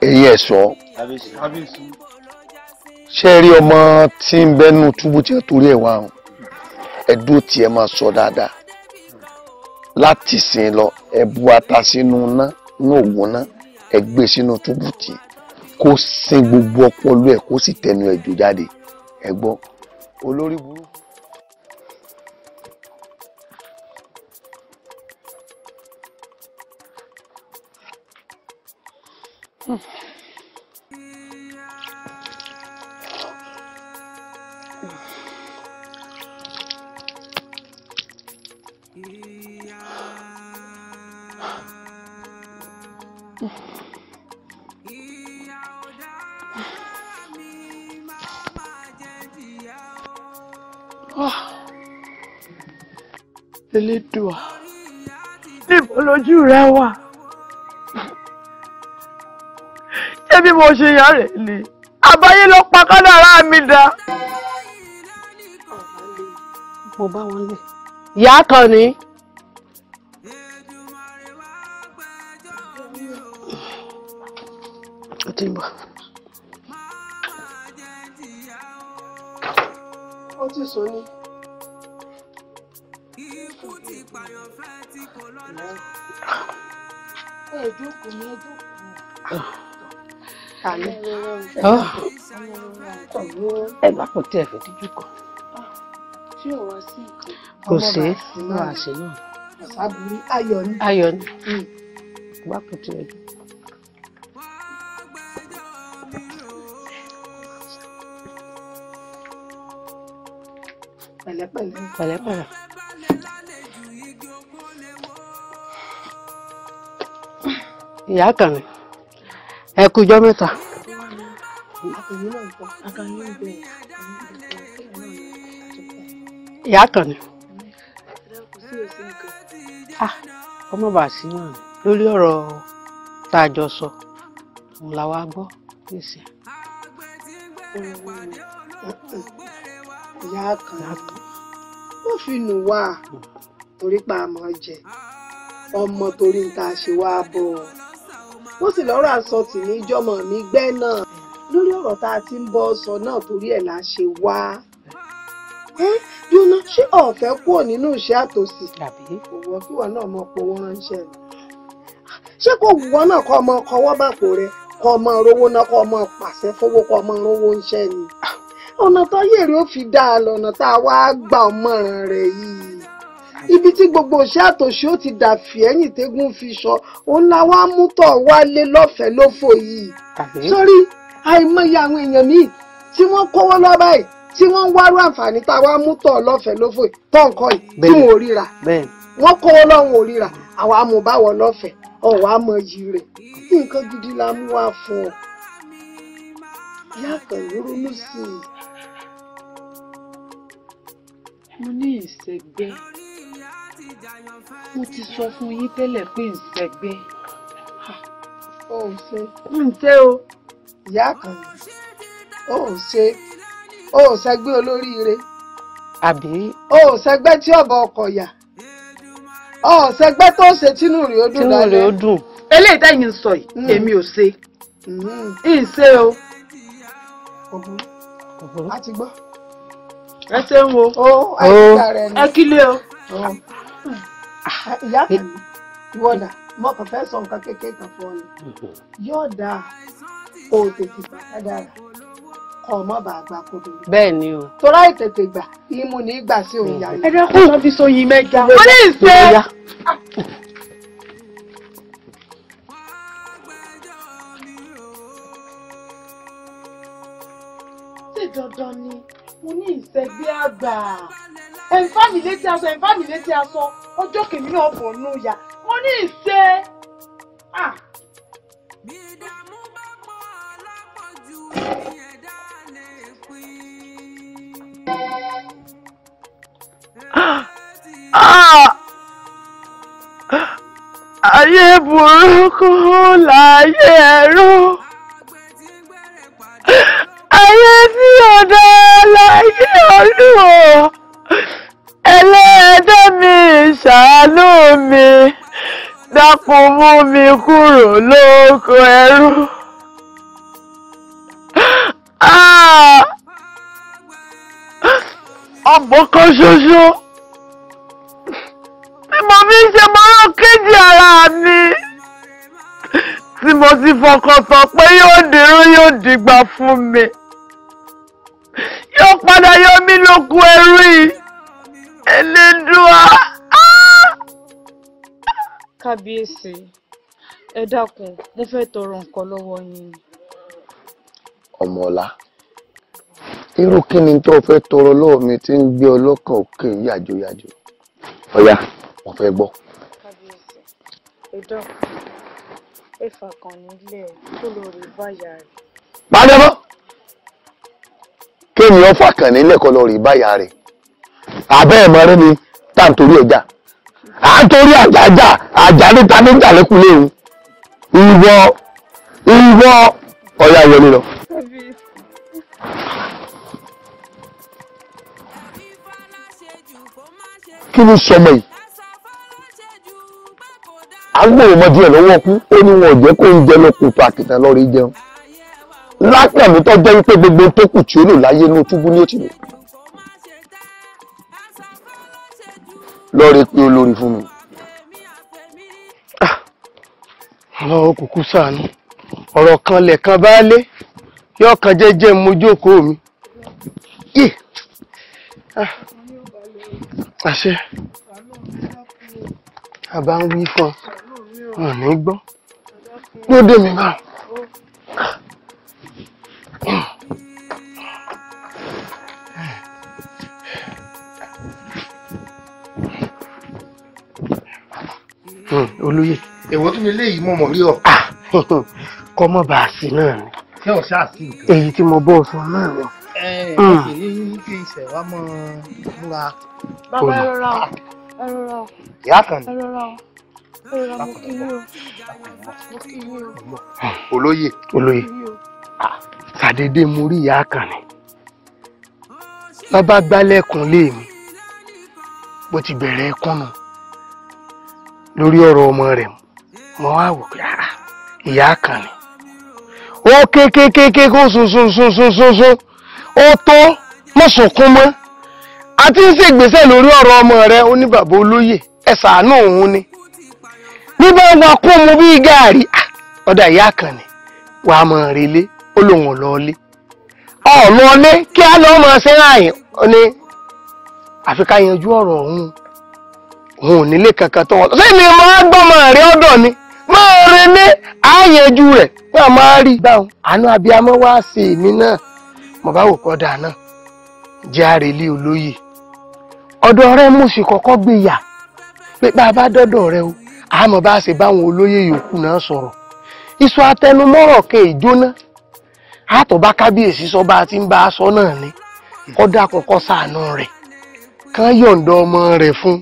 Ẹ̀yin ẹ̀ṣọ́. Ṣé rí ọmọ tí ń bẹ́nu túbú tí ẹ torí ẹ̀ wá hàn? Ẹ̀dùn tiẹ̀ máa sọ dáadáa. Láti sìn lọ, ẹ̀bù ata sínú ná, ní òògùn ná, ẹ̀gbẹ́ e sínú túbú tì kó sin gbogbo ọpọlọ ẹ̀ kó sì tẹnu ẹ̀ jò jáde ẹ gbọ́ olórí burúkú. Hmm. Ah. elédùà níbo lójú rẹ wà ṣé bí mo ṣe yà rẹ ni àbáyé ló pa kádàrá mi dá. mo bá wọn lẹ. ìyá kan ni. ó ń bọ̀. ó ti sùn ni. ikú ti pààyàn fẹ́ tí kò lọ́lá. ẹ jókòó ni ẹ jókòó. Ah. ẹ bá kò tí ẹ fẹ́ díjú kan. Ah, tí ò wá sí nǹkan. kò sí inú àṣẹ náà. ayọ̀ ni. ayọ̀ ni. Hmm. bá kò tí ẹ dùn. pẹ̀lẹ́pẹ̀lẹ́. pẹ̀lẹ́pẹ̀lẹ́. ìyá Àkànní ẹ kú ijọ́ mẹ́ta. ìyá Àkànní. Ah, ọmọ bàá sí náà lórí ọ̀rọ̀ tá a jọ sọ òun làwa gbọ́ nísìnyí ìyá kan ó fi nù wá torí pa àmọ́ jẹ ọmọ torí ń ta ṣe wá bọ̀ ó sì lọ́rọ̀ àsọ tì ní ìjọmọ̀ mi gbẹ́ náà lórí ọ̀rọ̀ tá a ti ń bọ́ sọ náà torí ẹ̀ là ṣe wá jóná ṣé ọ̀fẹ́ kúrò nínú iṣẹ́ àtòsí òwò kíwọ náà mọ powó ránṣẹ́ ṣé kò wúwọ náà kọ́ ọmọ kọwọ́ bàpò rẹ̀ kọ́ ọmọ rówó náà kọ́ ọmọ pàṣẹ fowó kọ́ ọmọ rówó ń ni ọ̀nà tó yèrè ó fi dáa lọ́nà tá a wá gba ọmọràn rẹ̀ yìí ibi tí gbogbo òṣẹ́ àtòṣe ó ti dà fi ẹ̀yìn tégún fi sọ òun la wá mú tọ̀ wálé lọ́fẹ̀ẹ́ lófò yìí sórí àìmọye àwọn èèyàn míì tí wọ́n kówó lọ báyìí tí wọ́n wárú àǹfààní tá a wá mú tọ̀ lọ́fẹ̀ẹ́ lófò yìí tọ̀ nǹkan yìí tí wọn ò ríra wọ́n kówó lọ́hùn ò ríra àwa mú báwọ lọ́fẹ̀ẹ́ ọ̀wọ́ àmọ́ yìí rẹ̀ nǹkan gidi la mú wá fún ọ. ìyá àtọ̀ sí i mo ní ìṣẹ́gbẹ́ mo ti sọ fún yín tẹ́lẹ̀ pé ìṣẹ́gbẹ́ ó ṣe ń o ìyá kan ó ṣe ó ṣẹgbẹ́ olóríire àbí ó ṣẹgbẹ́ tí ọ̀bọ ọkọ̀ yà ó ṣẹgbẹ́ tó ṣe tínú rẹ̀ ó dùn lálẹ́ tínú rẹ̀ ó dùn eléyìí tẹ́yìn sọ yìí mm. èmi ò ṣe ń mm. ṣe o. ọ̀gbọ́n a ti gbọ́ ẹ ṣe ń wo ẹ kílé o. Ah, ìyá kan ìwọ́dà mo kàn fẹ́ sọ nǹkan kékeré kan fún ọ ni yóò dáa o tètè gbà dáadáa kọ ọmọ bá gbà kodo. bẹ́ẹ̀ ni o. torá ìtètè gbà imú ní gbà sí òun yàrá. ẹ dẹ́kun lọ fi sọyìn mẹ́ta. ó lè ṣe. dandan ni mo ní ìṣẹ́gbé àgbà ẹ̀ǹfà mi létí aṣọ ẹ̀ǹfà mi létí aṣọ ọjọ́ kèmí náà bọ̀ nù yá mo ní ìṣe. ayé burúkú láyé ẹ̀rọ ayé tí ọ̀dọ́ ṣàánú o ẹlẹ́ẹ̀dá mi ṣàánú mi dákun mú mi kúrò lóko ẹrú. Ah! ọmọ kan ṣoṣo tí mo fi ń ṣe mọ́rán kejì ara mi tí mo ti fọkàn tán pé yóò dìrú yóò dìgbà fún mi yóò padà yóò mi ló ku ẹrú yìí Ẹlẹ́dùà. kábíyèsí ẹ dákun mo fẹ́ tọrọ nǹkan lọ́wọ́ yín. ọmọọlá irú kí ni tó fẹ́ tọrọ lọ́wọ́ mi tí ń gbé ọlọ́kàn òkè yàjóyàjó ọ̀yá wọ́n fẹ́ gbọ́. kábíyèsí ẹ dákun ẹ fà kàn nílẹ̀ kó lóore báyà rẹ̀. pàdé mọ́ kéèyàn ọ̀fà kàn nílẹ̀ kọ́ lọ rí báyà rẹ̀ àbẹ́ ẹ̀ mọ́rẹ́ ni tá à torí ẹja à ń torí àjàjà àjà níta ní jàlẹ́kùn léwu ìwọ ìwọ ọ̀yà wọlé lọ. kí ni sọmọ yìí agbóhùnmọ́ díẹ̀ lọ́wọ́ kú ó ní wọn ò jẹ́ kó ń jẹ lọ́kùn tó àkìtàn lọ́ọ́ rí lápẹ̀mú tó jẹ́ wípé gbogbo tó kù tí ó lò láyé inú túbú ní òtún. lọ́ọ̀rẹ́ pé olórí fún mi. ọlọ́wọ́ ah, kúkú sànú ọ̀rọ̀ kan lẹ̀kan bá lé yóò kan jẹ́jẹ́ mojókòó mi. Ah! àṣẹ àbá ń wí fún ọ ní gbọ́ ló dé mi báwọn. Hmm, olóyè. èwo tún lè yìí mo mọ̀ rí ọ. Ah, kọ́ mọ́ bá a sí náà ni. ṣé o ṣáà sí nǹkan. èyí tí mo bọ́ sọ náà lọ. ẹ ẹ hmm. ní kí n ṣẹ̀wá mọ́ múra. bàbá ẹ rọra o ah. ẹ rọra o. ìyá kan ni. ẹ rọra o ẹ rọra mo kí yín o mo kí yín o. olóyè. olóyè ṣàdédé mo rí ìyá àkànní lọ́ba gbálẹ̀kùn lé mi bó ti bẹ̀rẹ̀ kúnnu lórí ọ̀rọ̀ ọmọ rẹ̀ mo wá wò pé ah, ìyá àkànní ó kékékéké kó sunsunsunsunsunsun ó tó mọ̀sùnkún mọ́ a ti ń ṣègbésè lórí ọ̀rọ̀ ọmọ rẹ̀ ó ní bàbá olóyè ẹ ṣàánú òun ni bí bá wọn kó mu bí gàárì ah, ọ̀dà ìyá àkànní wàá mọ̀ relé olóhùn lọ́ọ́lé ọ̀lọ́ọ́lé kí á lọ́ọ́ máa ṣe ráàyìn ó ní àfi yanjú ọ̀rọ̀ ọ̀hún. òun nílé kankan tó wọ́n tó ni máa ni máa rí ní àyànjú rẹ̀ náà máa rí àánú abiyamọ wá sí náà mo bá wò kọ́ jẹ́ àrèlé olóyè ọ̀dọ̀ rẹ sí kọ́kọ́ gbé yà pé bá a bá dọ́dọ̀ àtọ̀bá kábíyèsí sọ bá a ti ń bá a náà ni kọ́dà kọ́kọ́ sàánú rẹ̀ kán yọ̀ǹda ọmọ rẹ̀ fún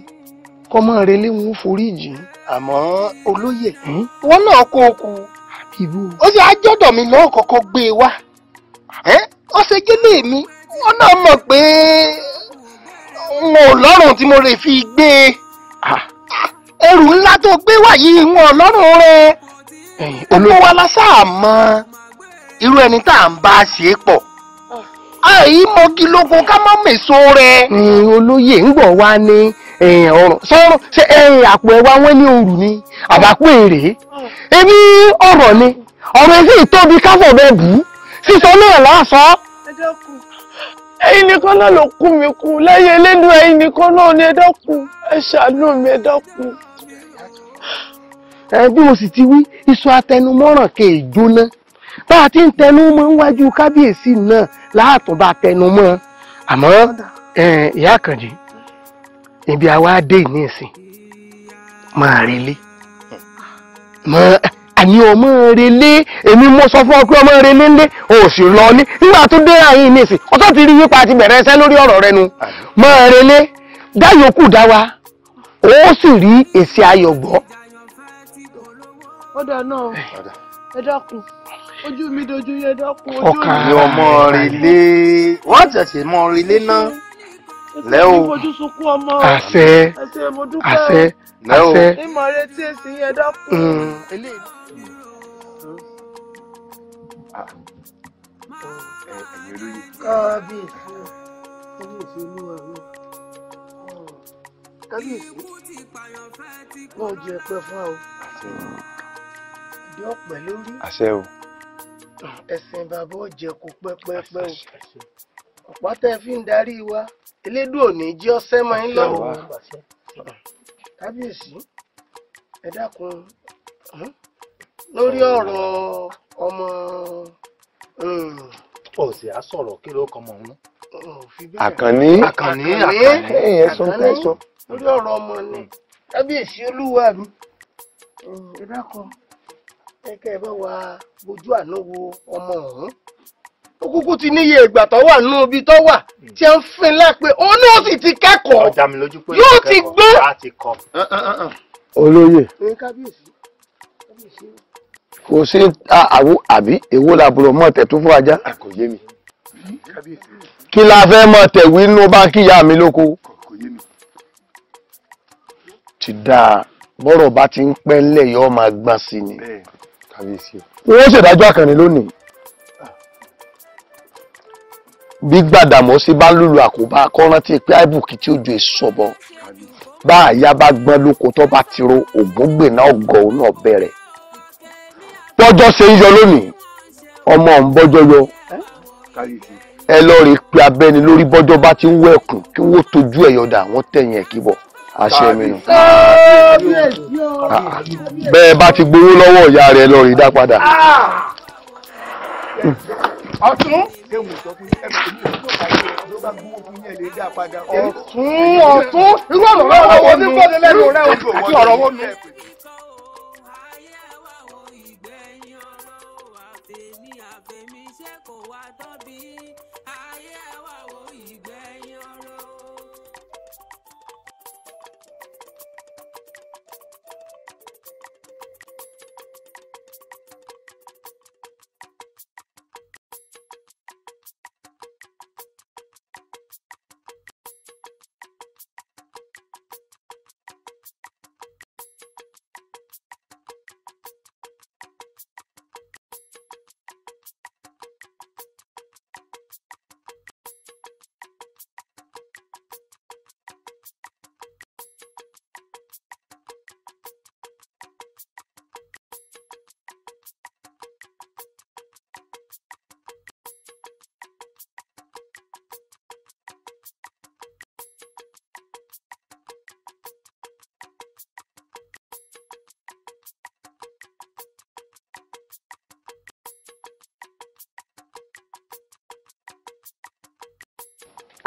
kọ́mọ rẹ̀ léwu foríjì àmọ́ olóyè hmm? wọn náà kó oku ó sì ajodo mi lo kọ́kọ́ gbé e wá o ṣe gele mi wọn náà mọ̀ pé wọn mo re fi gbé e ah. ẹrù ńlá tó gbé wa yìí wọn rẹ̀ olówó irú ẹni tá à ń bá a ṣe é pọ̀ àyí mọ́gi lógun ká má mèso rẹ̀. olóyè ń gbọ̀ wá ní ọ̀rọ̀ sọ́rọ̀ ṣe àpò ẹ̀wà wọn ní òrù ni àbákú èrè ebi ọ̀rọ̀ ni ọ̀rọ̀ èsì tóbi káfọ̀ bẹ́ẹ̀ bù ú sísọ náà lásọ. ẹ dẹ́kun nìkan náà ló kú mi kú lẹ́yìn elédùn ẹ̀yin nìkan náà ni ẹ dẹ́kun ẹ ṣàánú mi ẹ dẹ́kun. bí mo sì ti wí iṣu atẹnumọ́ràn kè é jóná bá a ti ń tẹnu mọ́ níwájú kábíyèsí náà láàtún bá a tẹnu mọ́ àmọ́ ìyá àkànjì ibi àwa dé ní ìsìn máa relé àní ọmọ relé èmi mo sọ fún ọ pé ọmọ relé ńlé o sì lọ ní nígbà tó dé àyín ní ìsìn ọtọ́ ti rí yípa ti bẹ̀rẹ̀ ẹsẹ́ lórí ọ̀rọ̀ rẹ nu máa relé dáyòókù dá wa ó sì rí èsì ayọ̀ gbọ́. ó dáná ẹ dákun ojú mi dojú yẹ dọ́kun ojú mi. ọkàn ọmọ relé wọ́n ṣẹ̀ṣẹ̀ mọ relé náà lẹ́ o àṣẹ àṣẹ àṣẹ. Mm. Ah. kábíyèsí wọn ò oh. jẹ pẹ fún ọ àṣẹ o ẹ̀sìn bàbá òjẹ̀kù pẹ́pẹ́pẹ́ o ọ̀pá tẹ́ fi ń darí wa elédùn òní jẹ́ ọsẹ́ máa ń lọ́wọ́ kábíyèsí ẹ dákun lórí ọ̀rọ̀ ọmọ. ọ̀sẹ̀ hmm. á sọ̀rọ̀ kí ló kọ́ ọmọ ọ̀hún. àkànní àkànní àkànní ẹ̀yẹ sọ ń tẹ́ sọ. lórí ọ̀rọ̀ ọmọ ni hmm. kábíyèsí olúwa mi ẹ dákun kẹ́kẹ́ bá wa bojú àánú wo ọmọ ọ̀hún ó kúkú ti níye ìgbà tó wà nínú ibi tó wà hmm. tí a ń fin lápé òun náà sì ti kẹ́kọ̀ọ́ yóò ti gbọ́. olóyè kò sí àwo àbí èwo làbúrò mọ́ tẹ̀ tó fún ajá kí la fẹ́ mọ́ tẹ̀wé inú báńkì ìyá mi lóko ti dáa bọ́rọ̀ bá ti ń pẹ́ ńlẹ̀ yóò máa gbọ́n sí ni wọ́n ṣèdájọ́ àkànní lónìí bí gbàdàmọ́ sí bá lùlù àkóbá akọ́rántí pé àìbùkí tí òjò èso bọ́ bá àyà bá gbọ́n lóko tó bá ti ro ògúngbè náà ọgọ́ òun náà bẹ̀rẹ̀ bọ́jọ́ ṣe ń yọ lónìí ọmọ òun bọ́jọ́ yọ ẹ lọ rí pé abẹ́ni lórí bọ́jọ́ bá ti ń wẹ̀kùn kí wọ́n tójú ẹ̀yọ̀dà wọ́n tẹ̀yìn ẹ̀ kí bọ̀ àṣẹ mi nù. bẹ́ẹ̀ bá ti gbowó lọ́wọ́ ìyá rẹ̀ lọ rí dá padà. ọ̀tún ọ̀tún irú ọ̀rọ̀ wo ni fọ́ni lẹ́nu rẹ̀ ojú ọ̀rọ̀ wo ni.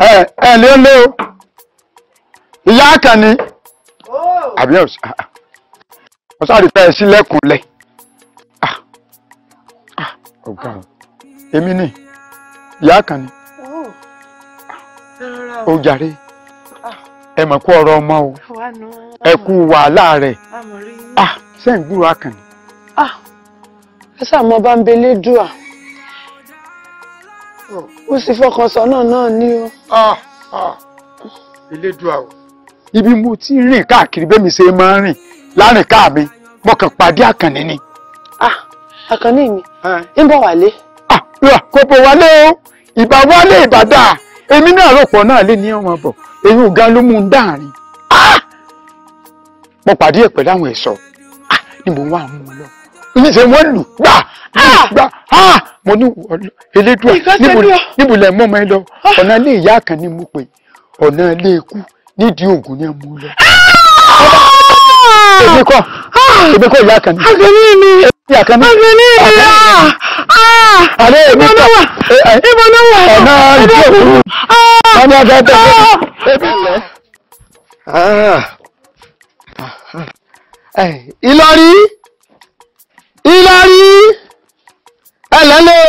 ẹ ẹ o ìyá àkànní oh. ọ ah, ah. sáré pẹ́ sílẹ̀kùnlẹ̀ ah, ọ̀gá èmi ni ìyá oh. jàre ẹ ọmọ o ẹkụ wà wàhálà mọ ó sì fọkàn sọ́nà náà ní o. elédùá o ibi mo ti rìn káàkiri bẹ́ẹ̀ mi ṣe máa ń rìn láàrin káà mi mo kàn pàdé àkànní ni. Ah, àkànní mi ń bọ̀ wálé. Ah, kò bọ̀ wálé o ìbá wálé ìbàdà èmi náà ròpọ̀ náà lé ní ọmọ bọ̀ èyí ò gan ló mú un dáàrin. Ah! mo pàdé ẹ̀ pẹ̀lú àwọn ẹ̀ṣọ́ ni mo wá àwọn ọmọ lọ. ìyẹn wọ́n lù gbà Ah! gbà á ah! mo ní elédùà níbo lẹ mọ́ ọmọ ẹ lọ ah! ọ̀nà ilé ìyá kan ni mo pè ọ̀nà ilé ikú nídìí ògùn ni mo lọ. èmi kọ́ èmi kọ́ ìyá kan ni. àgbẹ̀ni mi àgbẹ̀ni ìyá àlẹ́ èmi kọ́ ìbọn náà wà ọ̀nà ìdí ògùn ọ̀nà àgbẹ̀dẹ̀ èmi lẹ̀. Ìlọrí Ìlọrí ẹ lẹ́lẹ́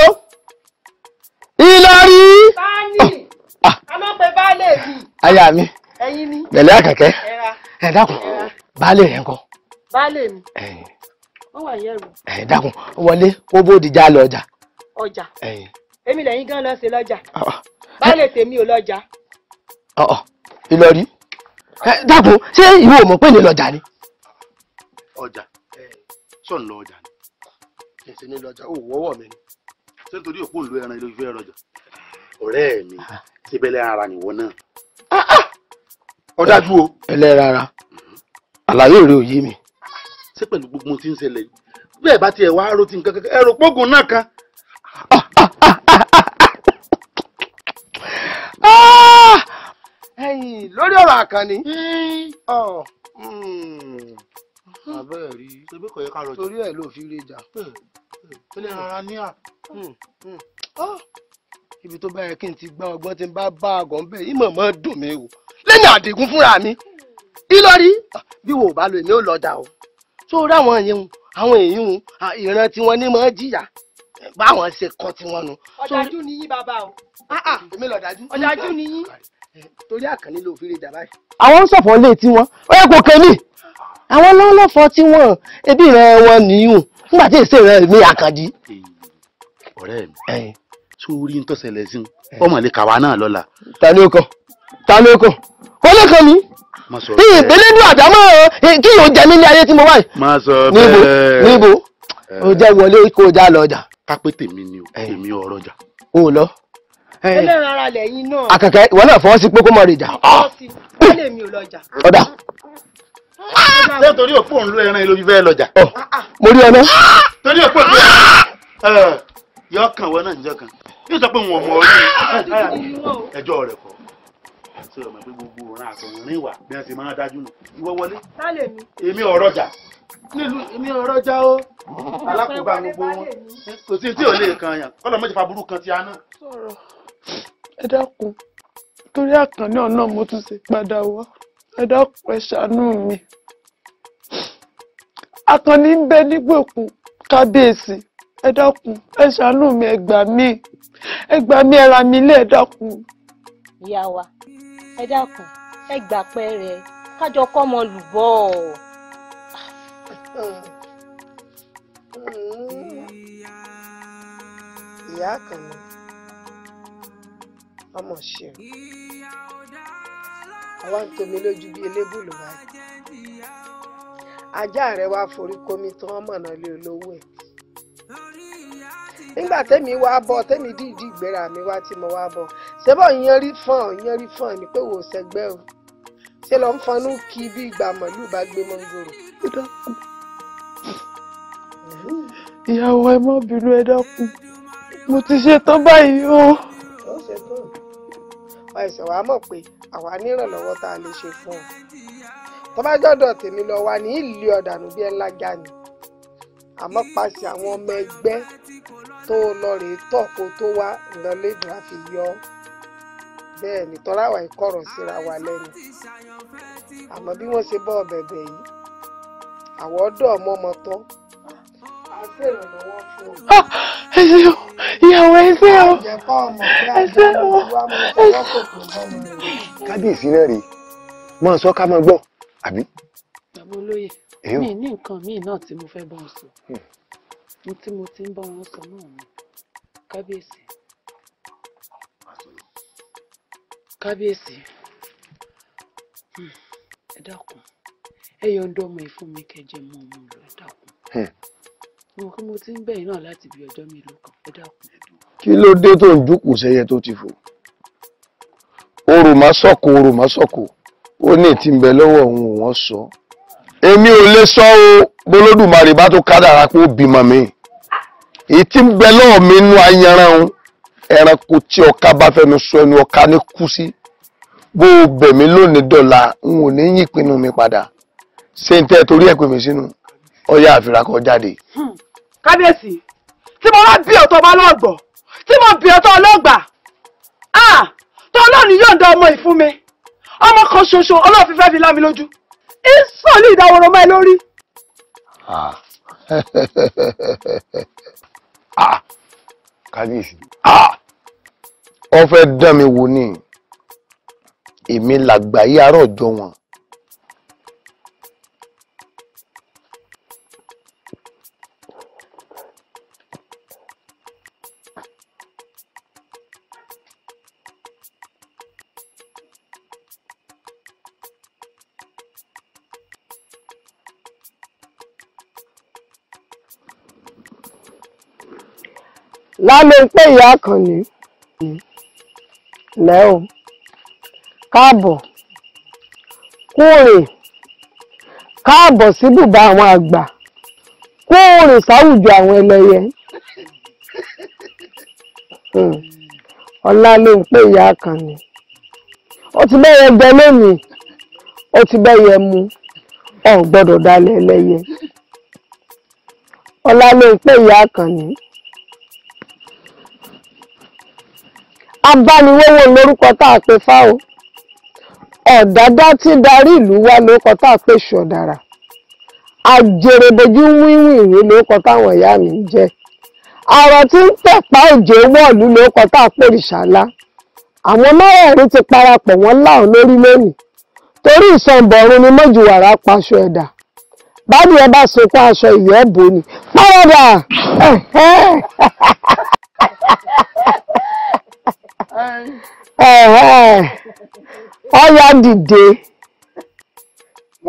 o ìlọrí. báyìí ọlọ́pẹ baálé mi. aya mi ẹyin ni pẹ̀lẹ́ àkàkẹ́ ẹ dákun baálé rẹ̀ ńkọ́. baálé mi wọ́n wà yẹ̀rù. ẹ dákun wọlé kó bóde já lọ ọjà. ọjà èmi lẹ́yìn gan lọ ṣe lọ́jà ah, ah. baálé tèmi ò lọ́jà. Oh, oh. ìlọrí dákun ṣé ìwọ ò mọ̀ pé ní lọ́jà ni. ọjà sọ̀nù lọ ọjà ni èsì ní lọ́jà ò wọ́wọ́ mi ni. ṣé nítorí òkú ìlú ẹran ilé ìfẹ́ rọjà. ọ̀rẹ́ mi síbẹ̀lẹ̀ ah. ara nìwọ náà. ọ̀dájú ah, ah. o. ẹlẹ́ra ara mm-hmm. àlàyé rẹ ò yé mi. ṣé pẹ̀lú gbogbo ohun tí ń ṣẹlẹ̀ yìí bẹ́ẹ̀ bá tiẹ̀ wá ro ti nǹkan kankan ẹ̀rọ pógun náà kan. lórí ọ̀rọ̀ àkànní. Hmm. Oh, hmm abẹ́ ah, hmm. rí ṣebí kò yẹ ká rọjò. torí ẹ̀ ló fi rí ìjà. ilé hmm. hmm. rárá ní à. Ah! ibi tó bá yẹ kí n ti gbá ọgbọ́n tí n bá bá àgọ́ ń bẹ̀ yìí mọ̀ mọ́ dùn mí o lẹ́yìn àdìgún fúnra mi ìlọrí ah, bí wo ò bá lo èmi ò lọ dà o tó ráwọn yẹn àwọn èèyàn ìran tí wọ́n ní mọ́ jìyà báwọn ṣe kọ́ tí wọ́n nu. ọ̀dájú ni yín bàbá o. èmi lọ̀dájú. ọ̀dájú ni yín. torí àkànní ló fi rí ìjà báyìí. àwọn ń ṣọ̀fọ̀ lé tiwọn ó yẹ kó kẹ́mi àwọn lọ́lọ́fọ́ tí wọ́n ẹbí rẹ wọn nìyún nígbà tí èsè rẹ mi àkàndí. ọ̀rẹ́ mi tí o rí tó ṣẹlẹ̀ sí ọmọ lè kàwa náà lọ́la. ta ló kọ ta o kọ kó lè kàn mí bí ìbílẹ̀dùn àdámọ́ kí yóò jẹ mí ní ayé tí mo wáyé. má sọ bẹ́ẹ̀ níbo níbo o jẹ́ wọlé kó o já lọ ọjà. kápẹ́ tèmi ni o tèmi ọ̀rọ̀ ọjà. o lọ akẹkẹ ìwọ náà fọwọ́ sí pé kó mọ̀ rè jà. ọ̀dà ṣé ah! torí òpó ń lo ẹran ìlú fífẹ́ lọ́jà. Oh, ah, ah. mo rí ọlọ. torí òpó ń lo ẹran eh, yọ kàn wọ náà níjọ kan yóò sọ pé wọn mọ orí eh, ẹjọ́ rẹ̀ kọ́ ṣé ọmọ pé gbogbo ọ̀ràn àtọ̀rìn wà bí wọ́n ti máa dájú nù ìwọ wọlé. sálẹ̀ mi. èmi ọ̀rọ̀ jà nílùú èmi ọ̀rọ̀ já o alákòóbá gbogbo wọn kò sí tí ò lè kan yàn kọ́lọ̀ méjì faburú kan ti aná. sọ̀rọ̀ ẹ dákun torí àkànní ọ̀nà mo tún ṣe padà wá ẹ dákun ẹ ṣàánú mi akànnì ń bẹ nígbèkùn kábíyèsí ẹ dákun ẹ ṣàánú mi ẹ gbà mí ẹ mi lé ẹ dákun. ìyá wa ẹ dákun ẹ gbà pẹ́ rẹ kájọ kọ́ ọmọ ìyá kan mọ ọmọ ṣe àwa ń tomi lójú bíi elébùlù báyìí ajá rẹ wá forí komi tán mọ̀nà lé olówó ẹ̀ nígbà tẹ́mi wá bọ̀ tẹ́mi dídí ìgbéra mi wá tí mo wá bọ̀ ṣébọ̀ ìyẹn rí fọ́n ìyẹn rí fọ́n ni pé wò ó sẹgbẹ́ o ṣé lọ́n fọnú kí bí ìgbà mọ̀lú bá gbé mọ́ngòrò. ìyàwó ẹ má bínú ẹ dákun mo ti ṣe tán báyìí o. ó ṣe tán àìsàn wàá mọ̀ pé àwa nírànlọ́wọ́ tá a lè ṣe fún ọ tó bá tèmi lọ wá ní ìlú ọ̀dànù bíi ńlá ga ni àmọ́ paṣẹ àwọn ọmọ ẹgbẹ́ tó lọ rèé tọ̀ kó tó wá ìlọlẹ́dùn àfi yọ ọ́ bẹ́ẹ̀ ni tọ́lá ìkọ̀rọ̀ síra wa lẹ́nu àmọ́ bí wọ́n ṣe bọ́ bẹ̀bẹ̀ yìí àwọ̀ ọ̀dọ́ ọmọ ọmọ tán á ṣèrànlọ́wọ́ ìyàwó ẹsẹ o ẹsẹ o kábíyèsí náà rèé máa sọ ká máa gbọ́ àbí. bàbá olóye mi ní nǹkan míì náà tí mo fẹ́ bá wọn sọ hmm. ní tí mo ti ń bá wọn sọ náà ni kábíyèsí kábíyèsí hmm. ẹ dákun ẹ yọ ọdọ ọmọ ìfún mi kẹjẹ mọ ọmọ rẹ dákun. Hmm mo kí mo ti ń bẹ̀yìn náà láti bí ọjọ́ mélòó kan ẹ dákun. kí ló dé tó ń jókòó sẹ́yẹ tó ti fò orò má sọ̀kò orò má sọ̀kò ó ní ìtì ń bẹ lọ́wọ́ òun wọ́n sọ èmi ò lè sọ o bólódùmarè bá tó kádàrá pé ó bímọ mi ìtì ń bẹ lọ́wọ́ mi nú ayanran ẹranko tí ọká bá fẹnu sọ ẹnu ọká ní kú sí bó o bẹ̀ mí lónìí dọ̀la n ò ní yí ìpinnu mi padà ṣé n tẹ́ torí ẹ̀ pè mí sínú ọyá àfirakọ jáde. Hmm kábíyèsí tí mo bá bí ọ̀tọ̀ bá lọ́gbọ̀ tí mo bí ọ̀tọ̀ ọlọ́gbà tó ọlọ́ọ̀ni yóò dán ọmọ ìfún mi ọmọ kan ṣoṣo ọlọ́ọ̀fin fẹ́ fi lámi lójú ìsọ̀lì ìdáwọ̀rọ̀ mọ́ ẹ lórí. kábíyèsí ọ fẹ́ dán mi wò ni èmi làgbà yìí àárọ̀ ọjọ́ wọn lálóńpé ìyá àkànní lẹ́ o káàbọ̀ kúrìn káàbọ̀ sí àwọn àgbà kúrìn sáwùjọ àwọn ẹlẹ́yẹ hmm. ọlá ló ń pè ìyá àkànní ó ti bẹ́yẹ jẹ lónìí ó ti bẹ́yẹ mu ọ̀ gbọ́dọ̀ dalẹ̀ ẹlẹ́yẹ ọlá ló ń pè ìyá àkànní. abániwówó lórúkọ tá a pe fáwo ọ̀dádá tí ń darí ìlú wa lórúkọ tá a pe ṣọ̀dàrà àjèrèbójú wíwìnwí lórúkọ táwọn ìyá mi ń jẹ́ àrọ̀ tí ń tẹ̀pá òjò wọ̀lú lórúkọ tá a pè àwọn mẹ́rẹ̀ẹ̀rin ti parapọ̀ wọ́n láwọn lórí lónìí torí ìsọ̀nbọ̀rún ni mọ́jùwàrà paṣọ ẹ̀dà báyìí ẹ bá sunkún aṣọ ìyẹ́ bò ní. pàrọ̀dà. ọyá dìde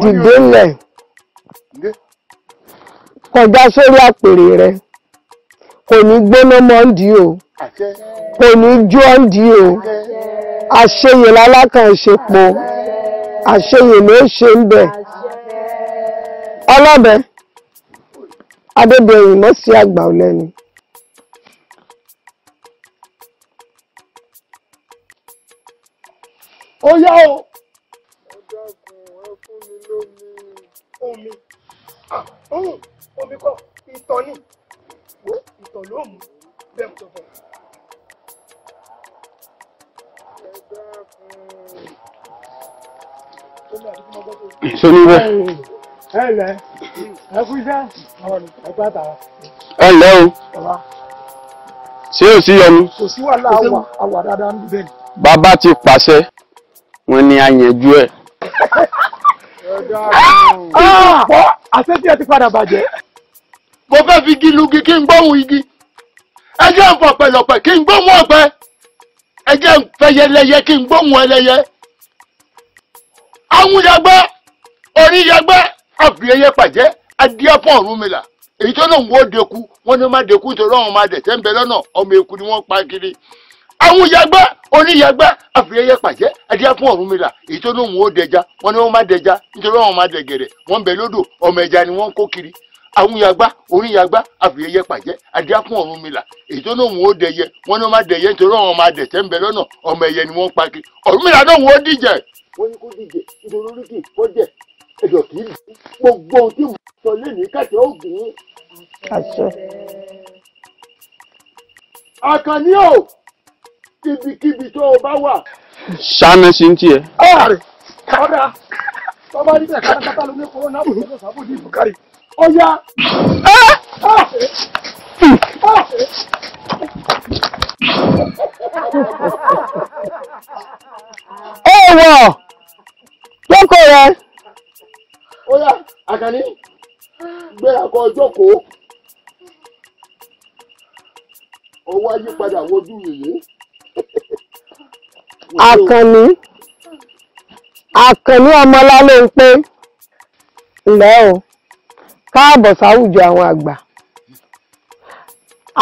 dìde lẹ̀ kọjá sórí àpèrè rẹ kò ní gbóná mọ́ndì o kò ní jó ọ́ndì o àṣeyè lálákànṣepọ̀ àṣeyè ló ṣe ń bẹ̀ ọlọ́bẹ̀ adébẹ̀yìn mọ́sí àgbà ọ̀lẹ́ni. ó yá o. ẹ dákun ẹ fún mi lómi. Ah, omi omi kọ ìtọ̀ ni ìtọ̀ ló mú bẹ́ẹ̀ tó bọ̀. soniwọ. ẹ lẹ ẹ kú iṣẹ́ ẹ gbá tara. ẹ lẹ o ṣé o sí yọnu. kò sí wàhálà àwà àwà dáadáa ń bẹ. bàbá ti pàṣẹ wọ́n ní àyànjú ẹ̀. ọ̀pọ̀ ah! àṣetí ẹ ti padà bàjẹ́. mo fẹ́ fi igi lugi kí n gbóhùn igi ẹ jẹ́ ń fọ pẹ̀lọ̀pẹ̀ kí n gbóhùn ọ̀pẹ ẹ jẹ́ ń fẹyẹlẹyẹ kí n gbóhùn ẹlẹyẹ. àwọn yagbẹ́ orí yagbẹ́ àfìyẹyẹ pàjẹ́ adíẹ́fọ̀n ọ̀run mi là èyí tó lóun ó deku wọ́n ní má deku tó lọ́run má dẹ̀ tẹ́ ń bẹ lọ́nà ọmọ eku ni wọ́n pa kiri àwọn yàgbá oníyàgbá àfìyẹyẹ pàjẹ́ ẹ̀díyà fún Ọ̀rúnmìlà èyí tó lóun ó dẹja wọn ni wọn má dẹja nítorí wọn má dẹgẹ̀dẹ̀ wọn bẹ lódò ọmọ ẹja ni wọn kó kiri àwọn yàgbá oníyàgbá àfìyẹyẹ pàjẹ́ ẹ̀díyà fún Ọ̀rúnmìlà èyí tó lóun ó dẹyẹ wọn ni wọn má dẹyẹ nítorí wọn má dẹ̀tẹ̀ ń bẹ lọ́nà ọmọ ẹyẹ ni wọn pa kiri Ọ̀rúnmìlà náà wọn ó díje. wọ́n ní kó díje nítorí oríkì kó jẹ ẹ̀dọ̀ kì í gbogbo ohun tí mo sọ lónìí kàtẹ́ ògùn. àṣẹ. àkànní o kíbikíbi tó o bá wà. ṣáná sí ń tiẹ̀. ọ̀rẹ́ kọ́dà tọ́ba níbẹ̀ kátàkátà ló ní kọ́ńtà àbúrò tó sábò ní ìbùkárì. ọ̀ya. ẹ wọ lóko rẹ. ọ̀ya àkànní gbé àkọ́ ọjọ́ kó. ọwọ́ ayípadà wojú yèyé àkànní àkànní ọmọlálóńpé ǹlẹ́ o káàbọ̀ sáwùjọ àwọn àgbà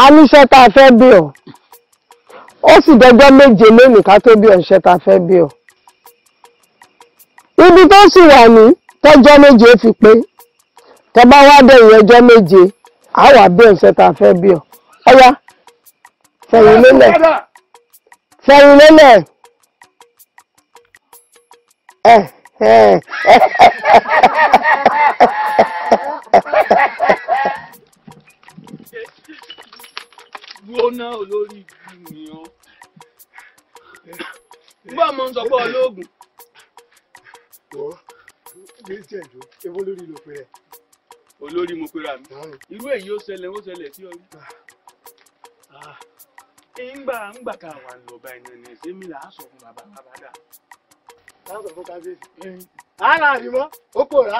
a níṣẹ́ tá a fẹ́ bí ọ ó sì dọjọ́ méje lónìí ká tó bí ọ̀ṣẹ́ tá a fẹ́ bí ọ ibi tó sì wà ní tọ́jọ́ méje fi pé tọba wá dé ìyẹn ọjọ́ méje àá wà bí ọ̀ṣẹ́ tá a fẹ́ bí ọ ọ̀yá fẹ̀yìn lélẹ̀ fẹ̀yìn lélẹ̀ gbóná olórí ìgbìmọ̀ gbọ́ mọ́ ń sọ pé olóògùn. olórí mo pera mi irú èyí ó ṣẹlẹ̀ ó ṣẹlẹ̀ sí ọ ìgbà ńgbà tá a wà lọ bá iná ní ẹsẹ mi là á sọ fún bàbá bàbá dà. láà sọ fún kábíyèsí. ara àdìmọ́ ó kò rà.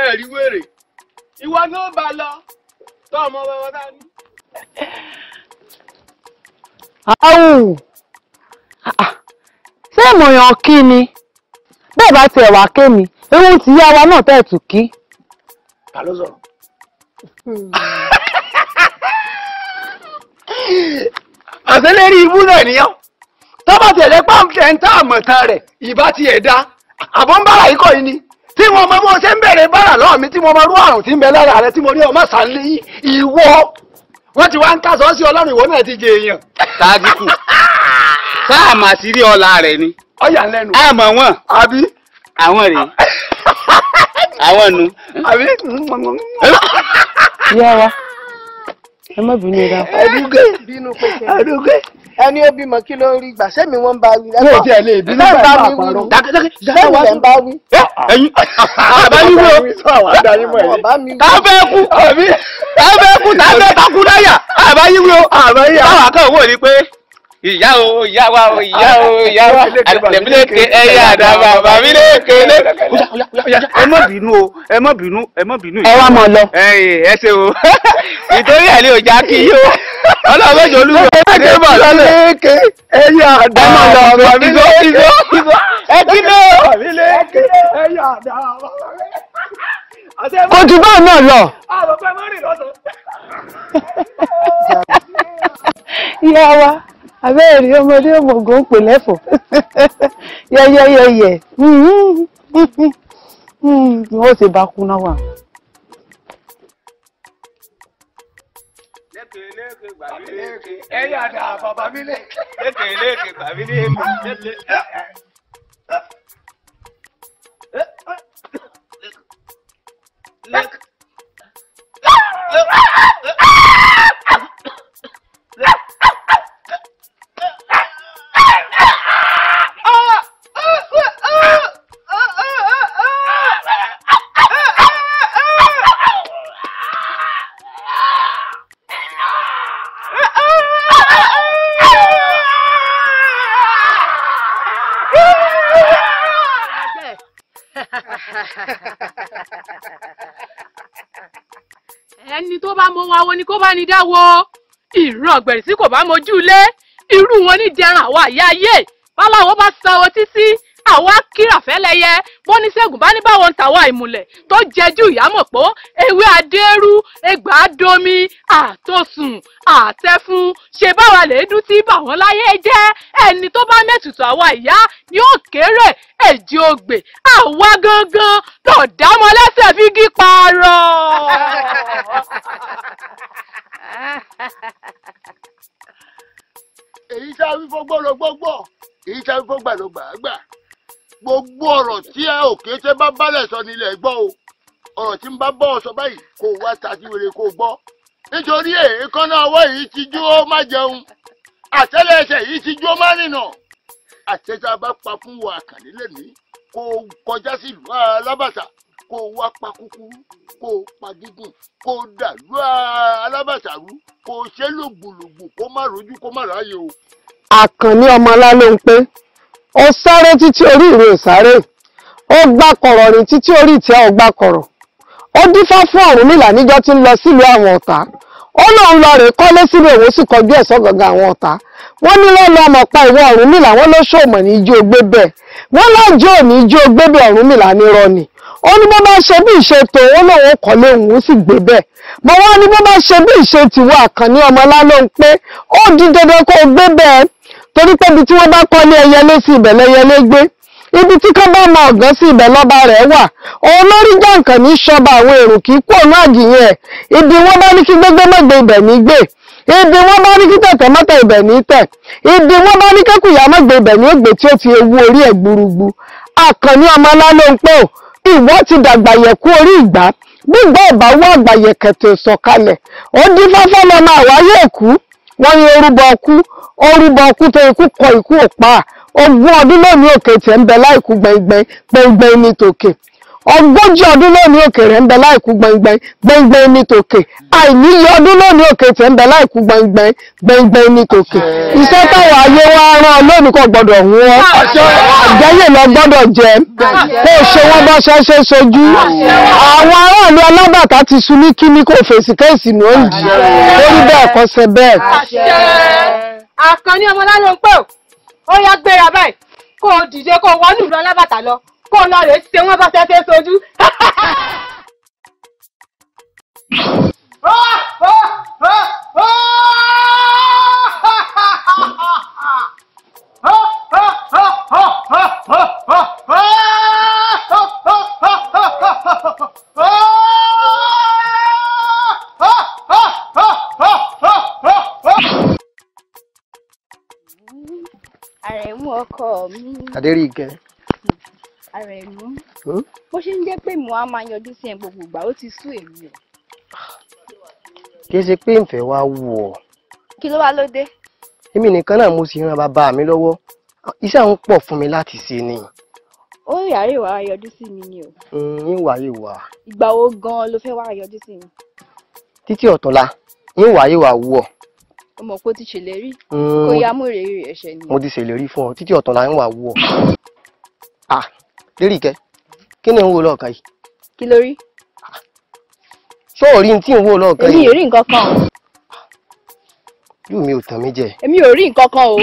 ẹ rí wèrè ìwọ náà bá lọ tó ọmọ bàbá dá ní. àwù ṣé ìmọ̀yàn kí ni bẹ́ẹ̀ bá tiẹ̀ wá ké mi ewu ti yá wa náà tẹ̀ tù kí. ta ló sọ̀rọ̀. àtẹlẹ́rí ibú náà nìyàn tọ́ba tẹ̀lé pàǹtẹ̀ ń tá àmọ̀tán rẹ̀ ìbá ti ẹ̀ dá àbọ̀ ń bára yìí kọ́ yìí ni tí wọn mọ bó ṣe ń bẹ̀rẹ̀ bára lọ́wọ́ mi tí mo mọ rú àrùn tí ń bẹ lára rẹ tí mo rí ọmọ sàlẹ̀ ìwọ wọn ti wá ń kásán sí ọlọ́run ìwọ náà ti jẹ èèyàn. sáàdìkù sáà mà sí rí ọlá rẹ ni. ọyà lẹnu. a mọ wọn. àbí. àwọn rèé. àwọn nu ẹ má bínú ra. àdúgbò bínú pẹ̀sẹ̀. àdúgbò ẹni ó bímọ kí ló ń rí gbà sẹ́mi wọ́n ń bá wí. yóò tiẹ̀ lè bínú bá ìlú àpárọ̀. bẹ́ẹ̀ ni ẹ̀ ń bá wí. ẹ̀yin àbá yín wo káfẹ́ kú káfẹ́ kú tàbí takú láyà àbá yín wo àbá yín àwọn àkàwọ̀ wò ni pé ìyá o ìyá wa o ìyá o ìyá wa àtẹ̀mílẹ̀kẹ̀ ẹ̀yà àdàbà bàmílẹ̀kẹ̀ lẹ́kẹ̀. ẹ má bínú o ẹ má bínú ẹ má bínú. ẹ wá mọ lọ. ẹ ṣe o ìtorí ẹ̀ ní ọjà kí yó ọlọ́run ọjọ́ olúwo ṣe mọ̀ lọ́lẹ̀. bàmílẹ̀kẹ̀ ẹ̀yà àdàbà bàmílẹ̀kẹ̀ ẹ kí ló. bàmílẹ̀kẹ̀ ẹ̀yà àdàbà kò jù báà náà lọ. ìyá wa abẹ́ẹ̀rí ọmọdé òmògò ń pè lẹ́fọ̀ yẹ́yẹ́yẹ́yẹ́ wọ́n ṣe bá kú náà wà. ẹ̀yà dà bàbá mi lẹ́kẹ̀ẹ́ lẹ́kẹ̀ẹ́ Look. Look. Look. awo ni kó bá ní dáwọ́ ìran ọ̀gbẹ̀rì tí kò bá mojú ilé irú wọn ní dẹran àwọn àyà ayé báláwo bá sanwó títí àwọn akíràfẹ́lẹ́yẹ bóníṣègùn bá ní báwọn tàwa ìmùlẹ̀ tó jẹjú ìyámọ̀ pé ewé adérú ẹgbàádomi àtòsùn àtẹfun ṣe báwa lè dún tí báwọn láyé jẹ́ ẹni tó bá mẹ́tùtù àwa ìyá ni ó kéré èjì ogbè àwa gangan lọ dámọ lẹ́sẹ̀ fi gí parọ́. èyí tá a wí fọgbọ́n lọ gbọ́gbọ́ èyí tá a wí fọgbà lọ gbàgbà gbogbo ọ̀rọ̀ tí ẹ òkè tẹ́ bá bálẹ̀ sọ nílẹ̀ gbọ́ o ọ̀rọ̀ tí ń bá bọ́ ọ sọ báyìí kò wá tàbí wèrè kò gbọ́ nítorí èékánná ọwọ́ yìí ti jú ó má jẹun àtẹ́lẹsẹ̀ yìí ti jú má rìnà àtẹ́tà bá pa fún wa àkànnílẹ̀ ní kọjá sí ìlú alábàtà kó wá pa kúkúrú kó pa gígùn kó dàlú alábàtà rú kó ṣe lògbòlògbò kó má rojú kó má ráyè o. àkànní ọmọlá ló ń pé. ó sáré títí orí ìró ìsáré ó gbá kọ̀rọ̀ rìn títí orí ọ ọgbà kọ̀rọ̀ ó dífá fún Ọ̀rúnmìlà níjọ tí ń lọ sílùú àwọn ọ̀tá ó lóun lọ rè kọ́lé sílùú òun sì kọjú ẹ̀ sọ́gangan àwọn ọ̀tá wọ́n ní ọmọ pa ìwọ ló ní ijó gbé òní ijó gbé ni ó ní bó bá ṣe bí ìṣe ó sì gbé ní bó bá ṣe bí ìṣe tìwọ Àkànní ọmọlá ló torí pé ibi tí wọ́n bá kọ́ ní ẹyẹlé sí ibẹ̀ gbé ibi tí kọ́bá ma ọ̀gán sí ibẹ̀ rẹ̀ wà òun jàǹkàn ní ṣọba àwọn èrò kì í kú òun àgìyàn ẹ̀ ibi wọ́n bá ní kí gbégbé mẹ́gbẹ́ ibẹ̀ ní gbé ibi wọ́n bá ní kí tẹ̀tẹ̀ mọ́tẹ̀ ibẹ̀ ní tẹ̀ ibi wọ́n bá ní kẹ́kùyà mẹ́gbẹ́ ibẹ̀ ní ti ewu orí ẹ̀ gbúrúgbú àkànní ọmọ alálòǹpọ̀ ìwọ ti dàgbà yẹ̀kú orí ìgbà gbígbọ́ àgbàyẹ̀kẹ̀tẹ̀ sọ̀kalẹ̀ ó dín lọ́mọ àwáyé wọ́n ní orúbọ ọkú orúbọ ọkú tó ikú kọ ikú òpá ogún ọdún lónìí òkè ń bẹ láìkú ní ogójì ọdún lónìí òkè rẹ̀ ń bẹ láìkú ní tòkè ọdún lónìí tẹ̀ ń bẹ láìkú ní tòkè iṣẹ́ táwọn ayé wa rán lónìí kò gbọ́dọ̀ ọ́ lọ gbọ́dọ̀ kó o ṣe wọ́n bá ṣe ṣe àwọn aráàlú alábàtà ti sun ní kíní kò ní òǹdí lórí bẹ́ẹ̀ ó yá gbéra báyìí kó o dìde kó o kó lọ rè ṣe wọ́n bá ṣẹṣẹ sojú. Àrẹ̀mú Àrẹ̀mú hmm? bó ṣe ń jẹ́ pé mo á máa yọjú sí ẹ gbogbo ìgbà ó ti sú èmi o. kì í ṣe pé ǹfẹ̀ wá wù ọ́. kí ló wá ló dé. èmi nìkan náà mo sì ran bàbá mi lọ́wọ́ iṣẹ́ àwọn pọ̀ fún mi láti ṣe ni. ó rí àárẹ̀ yọjú sí mi ni o. ń hmm, wáyé ìgbà wo gan-an ló fẹ́ wàá yọjú sí mi. títí ọ̀tọ̀la ń wáyé wù ọ́ ọmọ kó ti ṣèlérí hmm. kó yá mú rèé ẹ̀ṣẹ̀ ni. mo ti ṣèlérí fún ọ títí ọ̀tọ̀la ń wù ọ. Lérìkẹ́ kí ni ń wo lọ́ọ̀kan yìí. kí ló rí. ṣó o rí n tí ń wo lọ́ọ̀kan yìí. èmi ò rí nǹkan kan o. ojú mi ò tàn mí jẹ. èmi ò rí nǹkan kan o.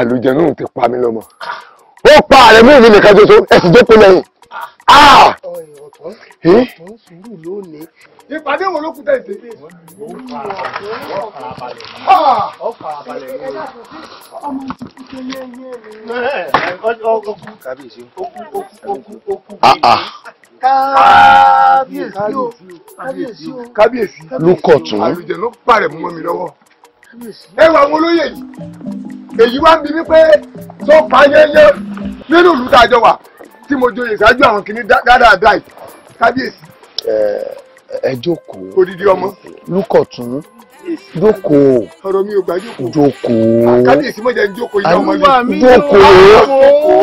àlùjẹnú ti pa mí lọ́mọ ó pa ààrẹ mú mi nìkan ṣoṣo ẹ sì jókòó lẹ́yìn. Ah! Eh? ìpàdé wo ló kù tẹ̀ ṣe dé. Ah! Eh, eh, kábíyèsí o ah, kábíyèsí o kábíyèsí lukọtun àlùjẹ ló pàrẹ mọ́ mi lọ́wọ́ ẹ wà àwọn olóyè yìí èyí wá ń bi mí pé tó pa yẹ́yẹ́ nínú ìlú tá a jọ wà tí mo joyè ṣáájú àwọn kìíní dáadáa yìí kábíyèsí. ẹ jókòó odidi ọmọ lúkọ̀tún jókòó ọ̀rọ̀ mi ò gbà jókòó jókòó kábíyèsí mọ̀jẹ̀ ń jókòó ìyá ọmọ mi jókòó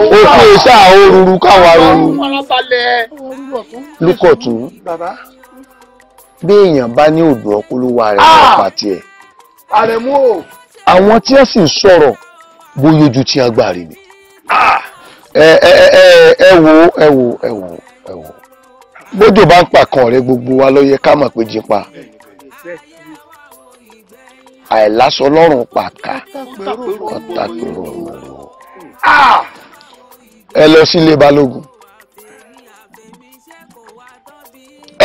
òkè sáà ó ruru káwa ruru lúkọ̀tún bí èèyàn bá ní òdò ọpọlọwà rẹ̀ ah! lọ́pàá tiẹ̀ àrẹ̀mú o. àwọn tí ẹ sì ń sọ̀rọ̀ bóyá ojú tí a gbà rí ni. Ah! ẹ wo ẹ wo ẹ wo ẹ wo bójú bá ń pàkan rẹ gbogbo wa ló ká mọ̀ pé jí pa àìlásọ lọ́rùn pàkà ọ̀tàkùrọ̀ ah! ọ̀rọ̀ ẹ lọ sílé balógun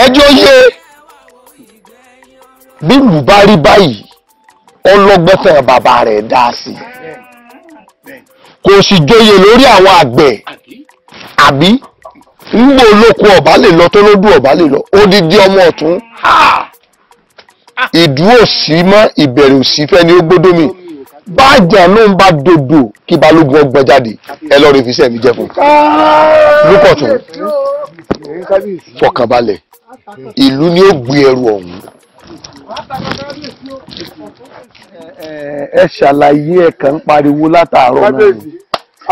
ẹjọ́ yé bí lù bá rí báyìí ọlọ́gbọ́tàn bàbá rẹ̀ dá sí kò sì joyè lórí àwọn àgbẹ̀ àbí ngbò olóko ọ̀bá lè lọ tó lódù ọ̀bá lè lọ odidi ọmọ ọ̀tún ìdúró sí mọ́ ìbẹ̀rù sí fẹ́ni ó gbódó mi bájà ló ń bá dodo kí balógun ọgbọ́n jáde ẹ lọ rí fisẹ́ mi jẹ fún lókọ̀tún fọkànbalẹ̀ ìlú ni ó gbé ẹrù ọ̀hún ẹ ṣàlàyé ẹ kàn ń pariwo látàárọ̀ náà. kábíyèsí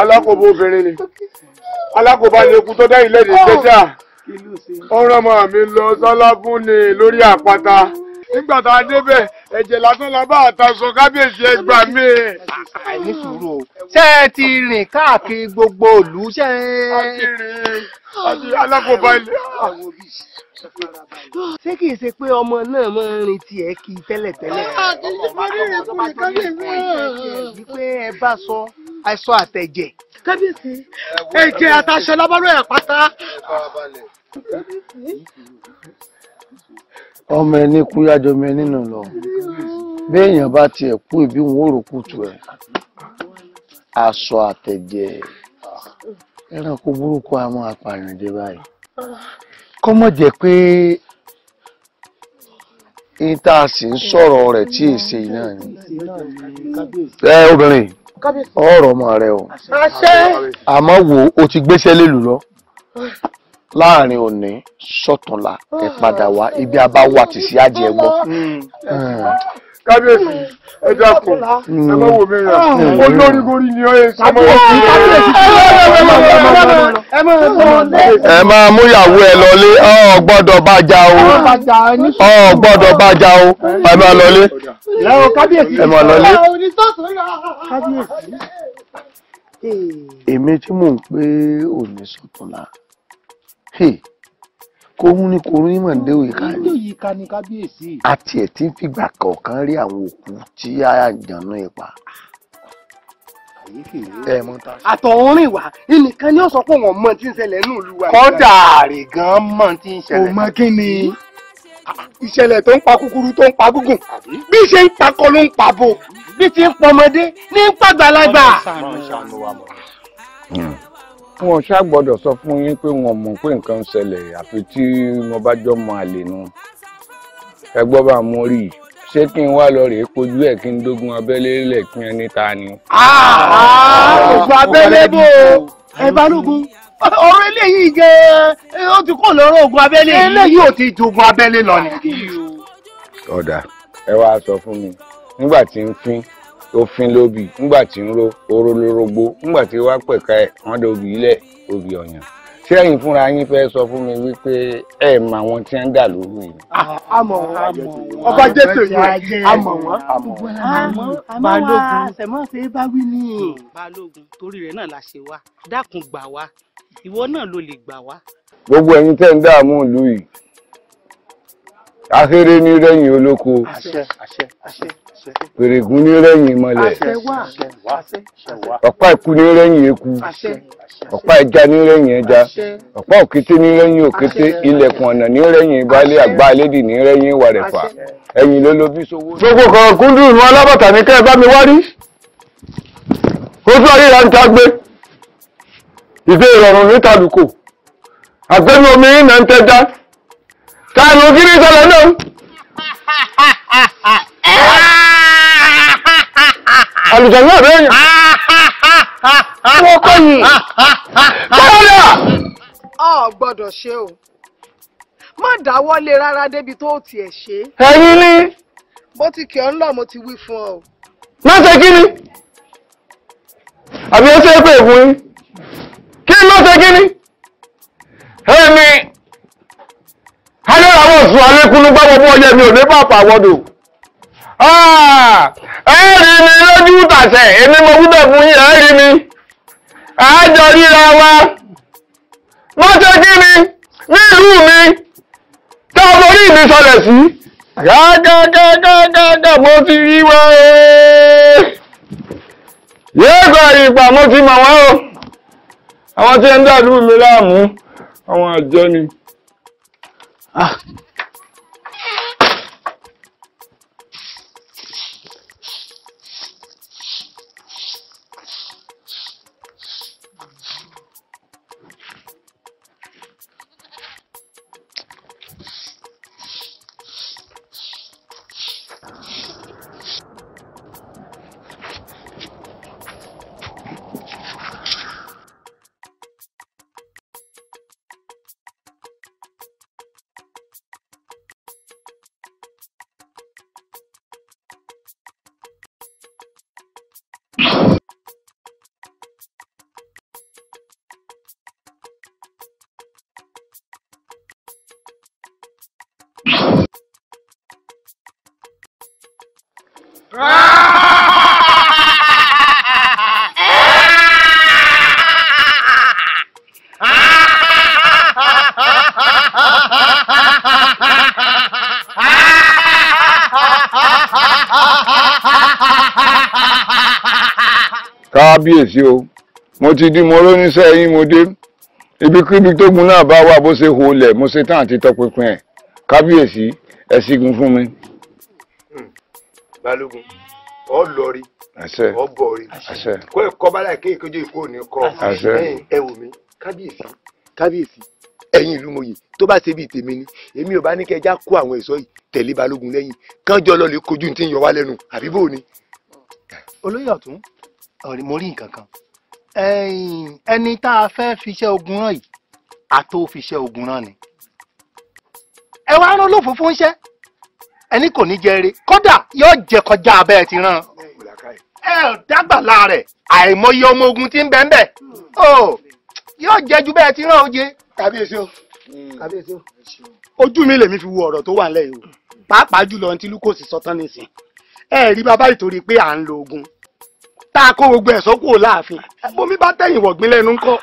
alákòóbó obìnrin ni alákòóbá ni okùn tó dẹ́yìn lẹ́yìn ìjẹ́jà ó ọmọ mi lọ sọ́lá fún ni lórí àpáta nígbà tá a débẹ̀ ẹ̀jẹ̀ lásán la bá kábíyèsí ẹgbà mi. àìní sùúrù o ṣé ẹ ti rìn káàkiri gbogbo ìlú ṣé. àti alákòóbá ilé. ṣé kìí ṣe pé ọmọ náà máa ń rìn tiẹ̀ kí tẹ́lẹ̀tẹ́lẹ̀. àti ìṣèpá rírẹ̀ tó máa kábíyèsí náà. wípé ẹ bá sọ àìsọ àtẹ̀jẹ̀. kábíyèsí ẹ̀jẹ̀ àtàṣọ lábárò ẹ̀ pátá ọmọ ẹni kú yájọ ọmọ ẹni nù lọ béèyàn bá tiẹ̀ kú ìbí wọn ò rò kùtù ẹ̀ aṣọ àtẹ̀jẹ̀ ẹranko burúkú àwọn apààyàn jẹ báyìí kọ́ mọ̀ jẹ́ pé ìta sì ń sọ̀rọ̀ rẹ̀ tí èsè náà ni ẹ obìnrin ọ̀rọ̀ ọmọ rẹ o àmọ́ wo o ti gbéṣẹ́ lélu lọ láàrin òní sọ̀túnla ẹ padà wá ibi abáwá ti sí àjẹ ẹ gbọ́. kábíyèsí ẹ dákun ẹ má wò mí rà olórí gorí ni ọyẹ sọmọ ẹ fi ẹ máa múyàwó ẹ lọlé ọ gbọ́dọ̀ bá jà o ọ gbọ́dọ̀ bá jà o ẹ máa lọlé ẹ máa lọlé èmi tí mò ń pé òní sọ̀túnla kóhun ní korun ní mọ̀ndé òyìká ni. ilé òyìká ni kábíyèsí. àti ẹ̀ tí ń fìgbà kọ̀ọ̀kan rí àwọn òkú tí àjànú ipa. àtọ̀hún rìn wá ẹnìkan ni ó sọ pé wọ́n mọ̀ tí ń ṣẹlẹ̀ ní ìlú wa. kọ́dà rè gan mọ̀ tí ń ṣẹlẹ̀. kò mọ kí ni ìṣẹ̀lẹ̀ tó ń pa kúkúrú tó ń pa gúngùn bí ṣe ń pakọ ló ń pabo bí ti ń pọmọdé ní pàgbàlagbà wọn ṣáà gbọ́dọ̀ sọ fún yín pé wọn mọ̀ pé nǹkan ń ṣẹlẹ̀ àfi tí wọn bá jọ mọ àlè nu ẹ gbọ́ bá mo rí i ṣé kí n wá lọ rèé kojú ẹ̀ kí n dógun abẹ́lé lẹ̀ kí ẹni ta ni. Ah! ààbò abẹ́lé bò ẹ balógun ọ̀rọ̀ eléyìí gẹ́ ó ti kó lọ́rọ̀ ogun abẹ́lé yìí eléyìí ò ti jogun abẹ́lé lọ ni. ọ̀dà ẹ wá sọ fún mi nígbà tí ń fín òfin lóbì ńgbà tí ń ro oró lórógbó ńgbà tí wàá pẹ̀ka ẹ̀ wọ́n dé obì ilẹ̀ obì ọ̀yàn ṣé ẹ̀yin fúnra yín fẹ́ sọ fún mi wípé ẹ mọ àwọn tí ń dà lóru yìí. Ah, a mọ̀ wọ́n ọba jẹ́tò yìí a mọ̀ wọ́n. àmọ́ wa àṣẹmọ́sẹ̀ bá wí ni. balógun torí rẹ̀ náà la ṣe wá dákun gbà wá ìwọ náà ló lè gbà wá. gbogbo ẹ̀yin tẹ́ ń dààmú ìlú yìí ahéré ní rẹ́yìn olóko. àṣẹ àṣẹ àṣẹ pèrègùn ní rẹ́yìn ìmọ̀lẹ̀ ọ̀pá ikú ní rẹ́yìn eku ọ̀pá ẹja ní rẹ́yìn ẹja ọ̀pá òkété ní rẹ́yìn òkété ilẹ̀kùn ọ̀nà ní rẹ́yìn ìbálé àgbá alédì ní rẹ́yìn ìwàrẹ̀fà ẹ̀yìn ló lóbi sówó. gbogbo kan kúndùn ìlú alábàtà ní kẹ́ ẹ bá mi wá rí ojú ayé ra ń ta gbé ìgbé ìrọ̀rùn ní tàlùkò àgbẹ̀mí omi ní nà ń tẹ́já táà àlùjọ náà rẹ̀ yàn. Mo kọ́ ni. Kọ́lá. Ọ gbọ́dọ̀ ṣe o. Má dáwọ́lé rárá débi tó tiẹ̀ ṣe. Ẹ̀yin ni. Bó ti kì ọ́ ń lọ, mo ti wí fún ọ. Má ṣe kí ni? Àbí o ṣe é pè fún yín. Kí ló ṣe kí ni? Èmi. Adéwàwọ̀ sùn alékúnú bá gbogbo ọyẹ mi ò ní bàbá wọ́dọ̀. Ah! ẹ rí mi lójú tàṣẹ èmi mo gbúdọ̀ fún yín ẹ rí mi àjọ ríra wa wọ́n ṣe kí ni nílùú mi tá a forí mi sọlẹ̀ sí gágágágágá mo ti rí wa ooo yóò gbọ́ ìgbà mo ti mọ̀ wọ́n o àwọn tí ń dàlú mi láàmú àwọn àjọ ni. Ah. kábíyèsí o mo ti di mo róníṣẹ́ yín mo dé ibikíbi tógun náà bá wà bó ṣe holẹ̀ mo ṣe tán àti tọpinpin ẹ̀ kábíyèsí ẹ sígun fún mi. Hmm. balógun ọ lọ rí ọ bọ rí kó ẹkọ bá láì kéèké ojú ìkó ní kọ ẹ wò mí kábíyèsí kábíyèsí ẹ̀yin ìlú mòye tó bá ṣe bíi tèmi ni èmi ò bá ní kẹjá kó àwọn ẹ̀ṣọ́ yìí tẹ̀lé balógun lẹ́yìn kánjọ́ lọ lè kojú ti ń yọ wá lẹ́nu àbí bò ni. olóyè ọ̀tún mo rí nǹkan kan ẹni tá a fẹ́ fiṣẹ́ ogun rán yìí àtó fiṣẹ́ ogun rán ni ẹ wá rán olófòfó ń ṣẹ́ ẹni kò ní jẹrè kódà yóò jẹ kọjá abẹ́ ẹ ti rán ẹ dágbàlá rẹ̀ àìmọye ọmọ ogun tí ń bẹ ń bẹ yóò jẹ ju bẹ́ẹ̀ ti rán oje. kábíyèsí o hmm. kábíyèsí o ojú mi lèmi fi wo ọ̀rọ̀ tó wà lẹ́yìn o pàápàá jùlọ ní tí lukosi sọ tán nísìn ẹ rí bàbá ìtorí pé à ń lo ogun tá a kó gbogbo ẹ̀ sọ́kù láàfin bomi bá tẹ̀yìn wọ̀gbìn lẹ́nu ńkọ́.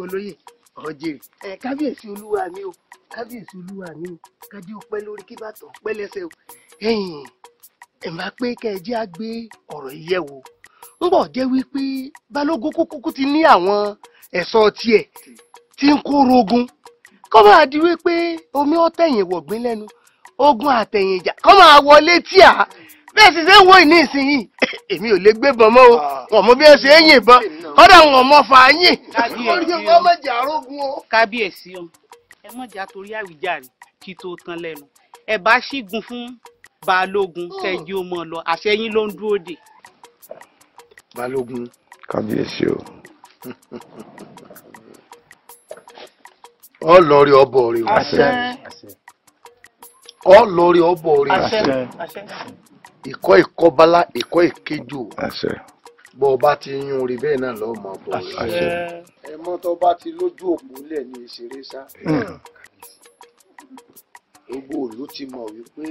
olóyè ọ̀jẹ̀ kábíyèsí olúwa mi o kábíyèsí olúwa mi o kájí ó pẹ́ lórí kí bàtàn pẹ́ lẹ́sẹ̀ o ẹ̀yìn ẹ̀ máa pé kẹ́ẹ̀jẹ́ á gbé ọ̀rọ̀ yìí yẹ̀ wò ń bọ̀ jẹ́ wípé balógun kúkúkú ti ní àwọn ẹ̀ṣọ́ tiẹ̀ tí ń kóró ogun kọ́ máa di wípé omi ọ̀tẹ̀yìn wọ̀gbìn lẹ́nu ogun àtẹ̀yìnjà kọ́ máa wọlé tíà bẹ́ẹ̀ sì ṣe ń wo ìní ìsinyìí èmi ò lè gbébọn mọ́ o ah. wọn mọ bí ẹ ṣe ń yìnbọn kọ́dà wọn mọ fà á yìn. kábíyèsí o ẹ mọ̀jà torí àwíjàre kí tó tán lẹ́nu ẹ bá ṣígun fún balógun hmm. kẹjí ó mọ lọ àṣẹyìn ló ń dúró dè. balógun. kábíyèsí o. ọ lọ rí ọbọ rí o. àṣẹ. ọ lọ rí ọbọ rí o. àṣẹ. àṣẹ ìkọ́ ìkọ́bálá ìkọ́ ìkejò bó o bá ti yún orí bẹ́ẹ̀ náà lọ́ọ́ mọ̀ bó o ṣe ẹ mọ́ tó bá ti lójú òpó lẹ̀ ní ìṣeré sá hmm. gbogbo òlú ti mọ̀ wípé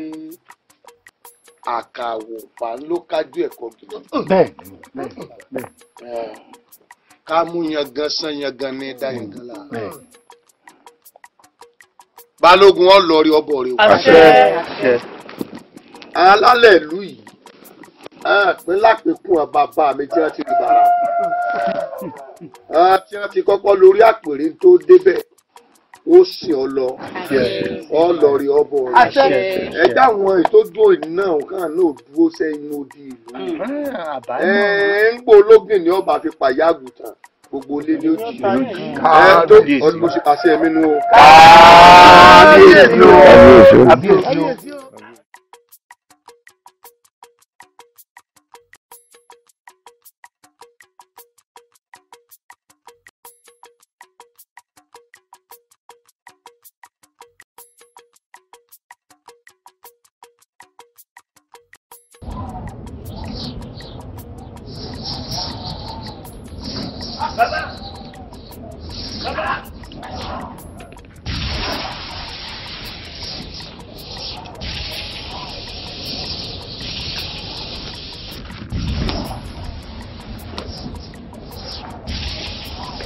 àkàwò pa ló kájú ẹ̀kọ́ gidi. bẹ́ẹ̀ bẹ́ẹ̀ ká mú yangan san yangan ní dá yangan la. balógun ọ lọ rí ọbọ rẹ o alálẹ̀ Ah, yìí pín lápẹ̀kún àwọn bàbá mi tí wọ́n ti rí bàrà ah, tí wọ́n ti kọ́kọ́ lórí àpèrè tó débẹ̀ ó sì ọ lọ ọlọrin ọbọ rẹ ẹjẹ àwọn ìtọ́jú òní náà kàn náà dúró sẹ́yìn odi ìlú ẹ ń gbó ológun ni ọba fi pàyà àgùntàn gbogbo ilé ni ó jì ẹ tó ọdún mo ṣe pàṣẹ mi nù o. kábíyèsí o kábíyèsí o.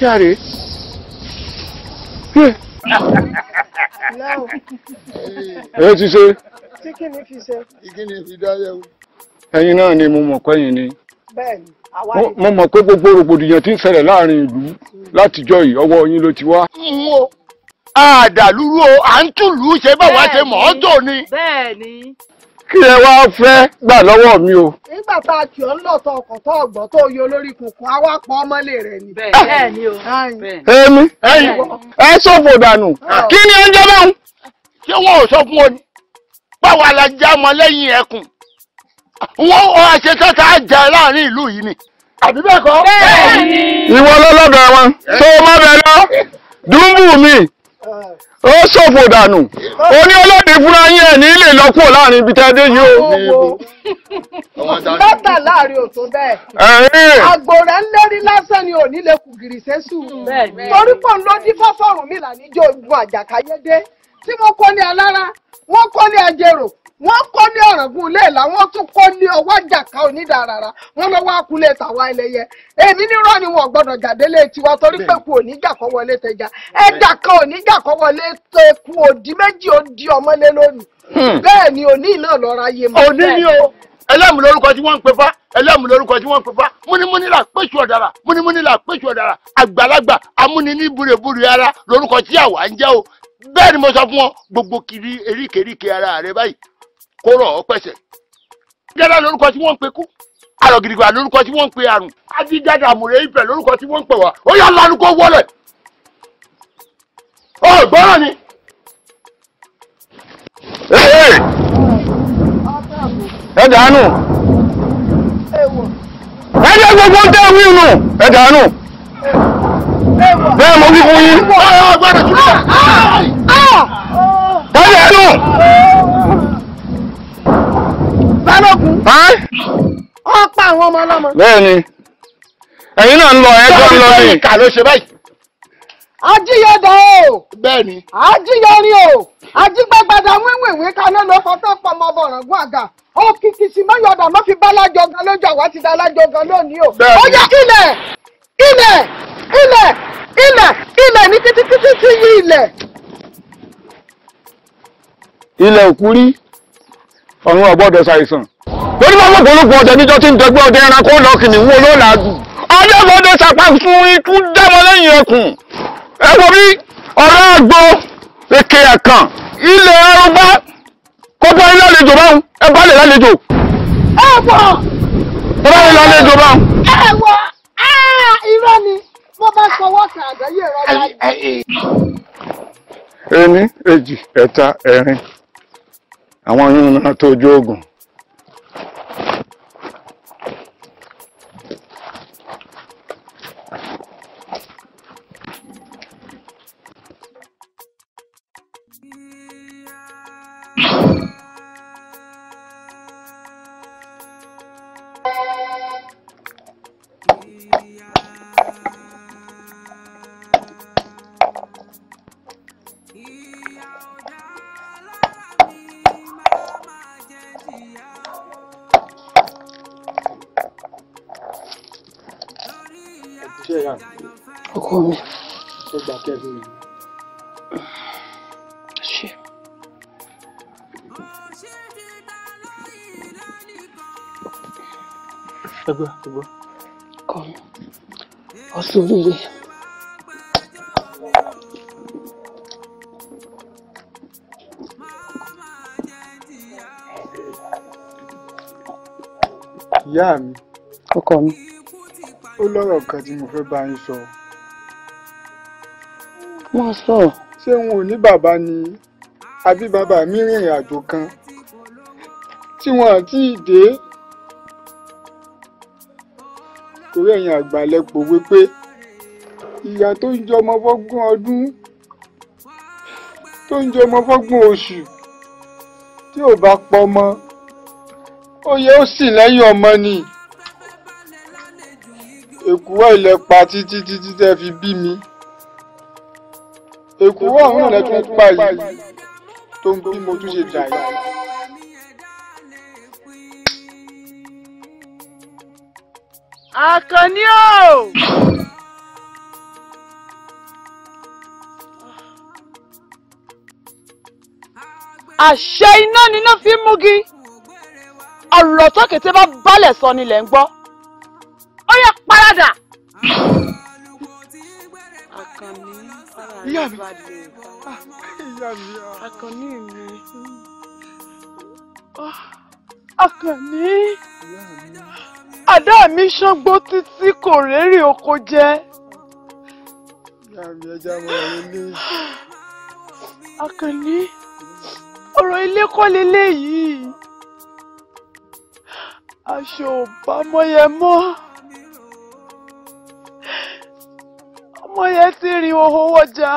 Daddy. no. ti ṣe. Ṣé kí ni fi mo mọ̀ pẹ́yìn ni. Mo gbogbo rògbòdìyàn tí ń ṣẹlẹ̀ láàrin ìlú látijọ́ yi, ọwọ́ yín ló ti wá. N wo àdàlúrú o, à ń tùlù ṣe báwa ni. kí ẹ wá fẹ́ gbà lọ́wọ́ mi o. nígbà tá a kì ọ́ ń lọ tọ ọkọ̀ tó ọgbọ́n tó yọ lórí kunkun àwa ọmọlé rẹ̀ ni. bẹ́ẹ̀ ah, o. èmi ẹ ṣòfò dànù ah. kí ni oúnjẹ bá ń. ṣé wọn ò sọ fún ọ ni báwa la já ọmọ lẹ́yìn ẹkùn wọn ò àṣetán tá jẹ láàrin ìlú yìí ni àbí bẹ́ẹ̀ kọ́. ìwọ lọ́lọ́dọ̀ wọn eh. tó o má bẹ lọ dùnbù mi. Ah. Ọ sofo dànù ó ní ọlọ́dẹ fúnra ní ibi o. láàrin òtún bẹ́ẹ̀ àgbò rẹ̀ lásán ni òní lè kù gìrì sẹ́sù torí pọ̀ ń níjọ́ ogun àjàkáyédé tí wọ́n kọ́ ni alára wọ́n kọ́ ni wọ́n kọ́ ní ọ̀ràngún ilé ìlà wọ́n tún kọ́ ní ọwọ́ àjàká onídàárara wọ́n lọ́wọ́ akulẹ̀ tàwa ẹlẹ́yẹ èmi nírọ̀ ni wọn gbọ́dọ̀ jàdélé tiwa torí pé kú oníjà kọ́ wọlé tẹja ẹja kan oníjà kọ́ wọlé tẹ kú òdì méjì òdì ọmọlé lónìí hmm. bẹ́ẹ̀ ni òní náà lọ́ra yé mọ́ òní ni o ẹlẹ́mu lórúkọ tí wọ́n ń pe fá ẹlẹ́mu lórúkọ tí wọ́n ń pe fá múnimúni là péṣù ọ̀dàrà múnimúni là péṣù ọ̀dàrà àgbàlagbà amúni ní búrebúre ara lórúkọ tí àwa ń jẹ́ o bẹ́ẹ̀ ni mo sọ fún ọ gbogbo kiri eríkèéríkèé ara rẹ báyìí kó rọ̀ ọ́ pẹ̀sẹ̀. gẹ́gẹ́ lórúkọ tí wọ́n ń pe kú àrògìdìgbà lórúkọ tí wọ́n ń pe àrùn adigada àmùrè ibẹ̀ lórúkọ tí wọ́n ń pè wá ó yà lánàá kó wọlé. ó gbọ́rọ̀ ni. ẹ dànù ẹ jẹ́ gbogbo tẹ́ wí nù ẹ dànù bẹ́ẹ̀ mo wí fún yín. báyọ̀ ẹ̀dùn. balógun ọ ọmọ ọlọ́mọ. ẹ̀yin náà ń lọ ẹjọ́ ń lọ ní. kà ló ṣe báyìí. ajíyọ̀dọ̀ o. o ajígbàgbàdà kaná ló fọ́ tó pọ̀ àgà mọ́ fi bá lájọ o. ó ilẹ̀ ilẹ̀ ilẹ̀ ilẹ̀ ilẹ̀ ní sí yí ilẹ̀. ilẹ̀ ọ̀run ọ̀gbọ́dọ̀ ṣàìsàn. lórí bá lọ́pọ̀lọpọ̀ ọ̀dẹ níjọ́ tí ń dẹgbẹ́ ọdẹ ẹranko lọ́ọ̀kìnì wú olóòlàdù ọ̀dẹ́mọdé sàpá fún ikú dámọ lẹ́yìn ẹkùn ẹ wo bí ọ̀rọ̀ àgbo èké ẹ̀kan ilẹ̀ arúgbá kópa ilé àlejò báwọn ẹ bá lè lálejò. ẹ wọ ẹ bá lè lálejò báwọn. ẹ wọ irọ́ ni mo bá fọwọ́ sàn àgbáyé rẹ láyé. ẹni èjì ẹ̀ta ẹ̀rin àwọn want you tó jog. ẹgbẹ́ ẹgbẹ́. kọ́ ọ̀sùn rere. ìyá mi. ọkọ mi. ó lọ́rọ̀ kan tí mo fẹ́ bá yín sọ. wọ́n sọ. ṣé wọn ò ní bàbá ni àbí bàbá mi rìnrìn àjò kan tí wọn àti ìdè torí ẹ̀yin àgbàlẹ́pọ̀ wípé ìyá tó ń jẹ ọmọ fọ́gbọ̀n ọdún tó ń jẹ ọmọ fọ́gbọ̀n oṣù tí ò bá pọmọ ó yẹ ó sì lẹ́yìn ọmọ ni èkúwọ́ ilẹ̀ pa títí títí tẹ́ fi bí mi èkúwọ́ ọ̀hún ilẹ̀ tún pa yìí tó ń bí mo tún ṣe dà yìí. Àkànní o. àṣẹ iná ni iná fi ń múgi ọ̀rọ̀ tó kété bá balẹ̀ sọ nílẹ̀ ń gbọ́ ó yẹ paradà. Àkànní ìyá Àkànní mi ah, Àkànní àdá mi ṣángbó títí kò rérè oko jẹ. Àkànní ọ̀rọ̀ ilé kọ́ leléyìí aṣọ ò bá mọ́yẹ mọ́ ọmọ yẹn ti rìn òhò wọjà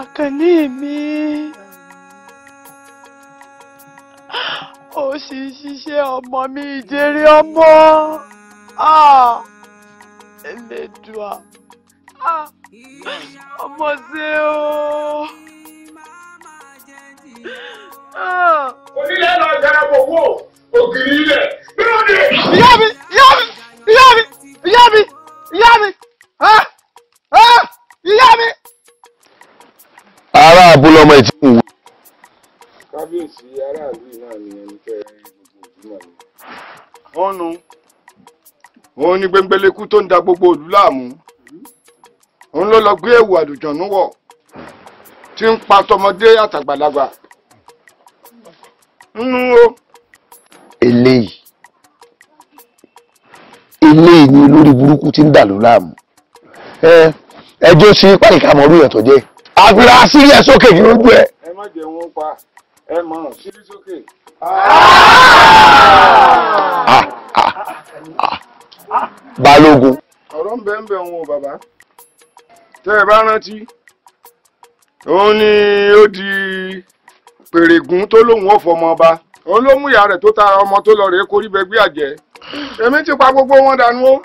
Àkànní mi. ti ṣiṣẹ́ ọmọ mi ìjẹ́rẹ́ ọmọ ẹlẹ́dùá ah, ah, ọmọ ṣe o. Ah. onílẹ̀ lọ jẹ́ra gbogbo ògiri ilẹ̀ nínú ni. ìyá mi ìyá mi ìyá mi ìyá mi ìyá mi ìyá mi. ará abúlé ọmọ ìtìkù wù. kábíyèsí aráàlú òun ni tó ń da gbogbo ìlú láàmú òun ló lọ gbé èwù àlùjọ̀nú tí ń pa tọmọdé àtàgbàlagbà o. eléyìí eléyìí ni olórí burúkú ti ń dà láàmú ẹjọ́ sí pàríkà mọ́rú ẹ̀ jẹ́ àgbèrè àṣírí sókè ní ojú ẹ̀. ẹ má wọn pa. ẹ mọ̀ síbi sókè. Ah! Ah! Ah! balógun. ọ̀rọ̀ ń bẹ ń bẹ wọn o bàbá tẹ́ ẹ bá rántí òun ni ó di pèrègùn tó lóun ó fọmọ ọba òun ló mú ìyá rẹ̀ tó ta ọmọ tó lọ rèé korí bẹgbẹ́ àjẹ́ èmi ti pa gbogbo wọn dànù ó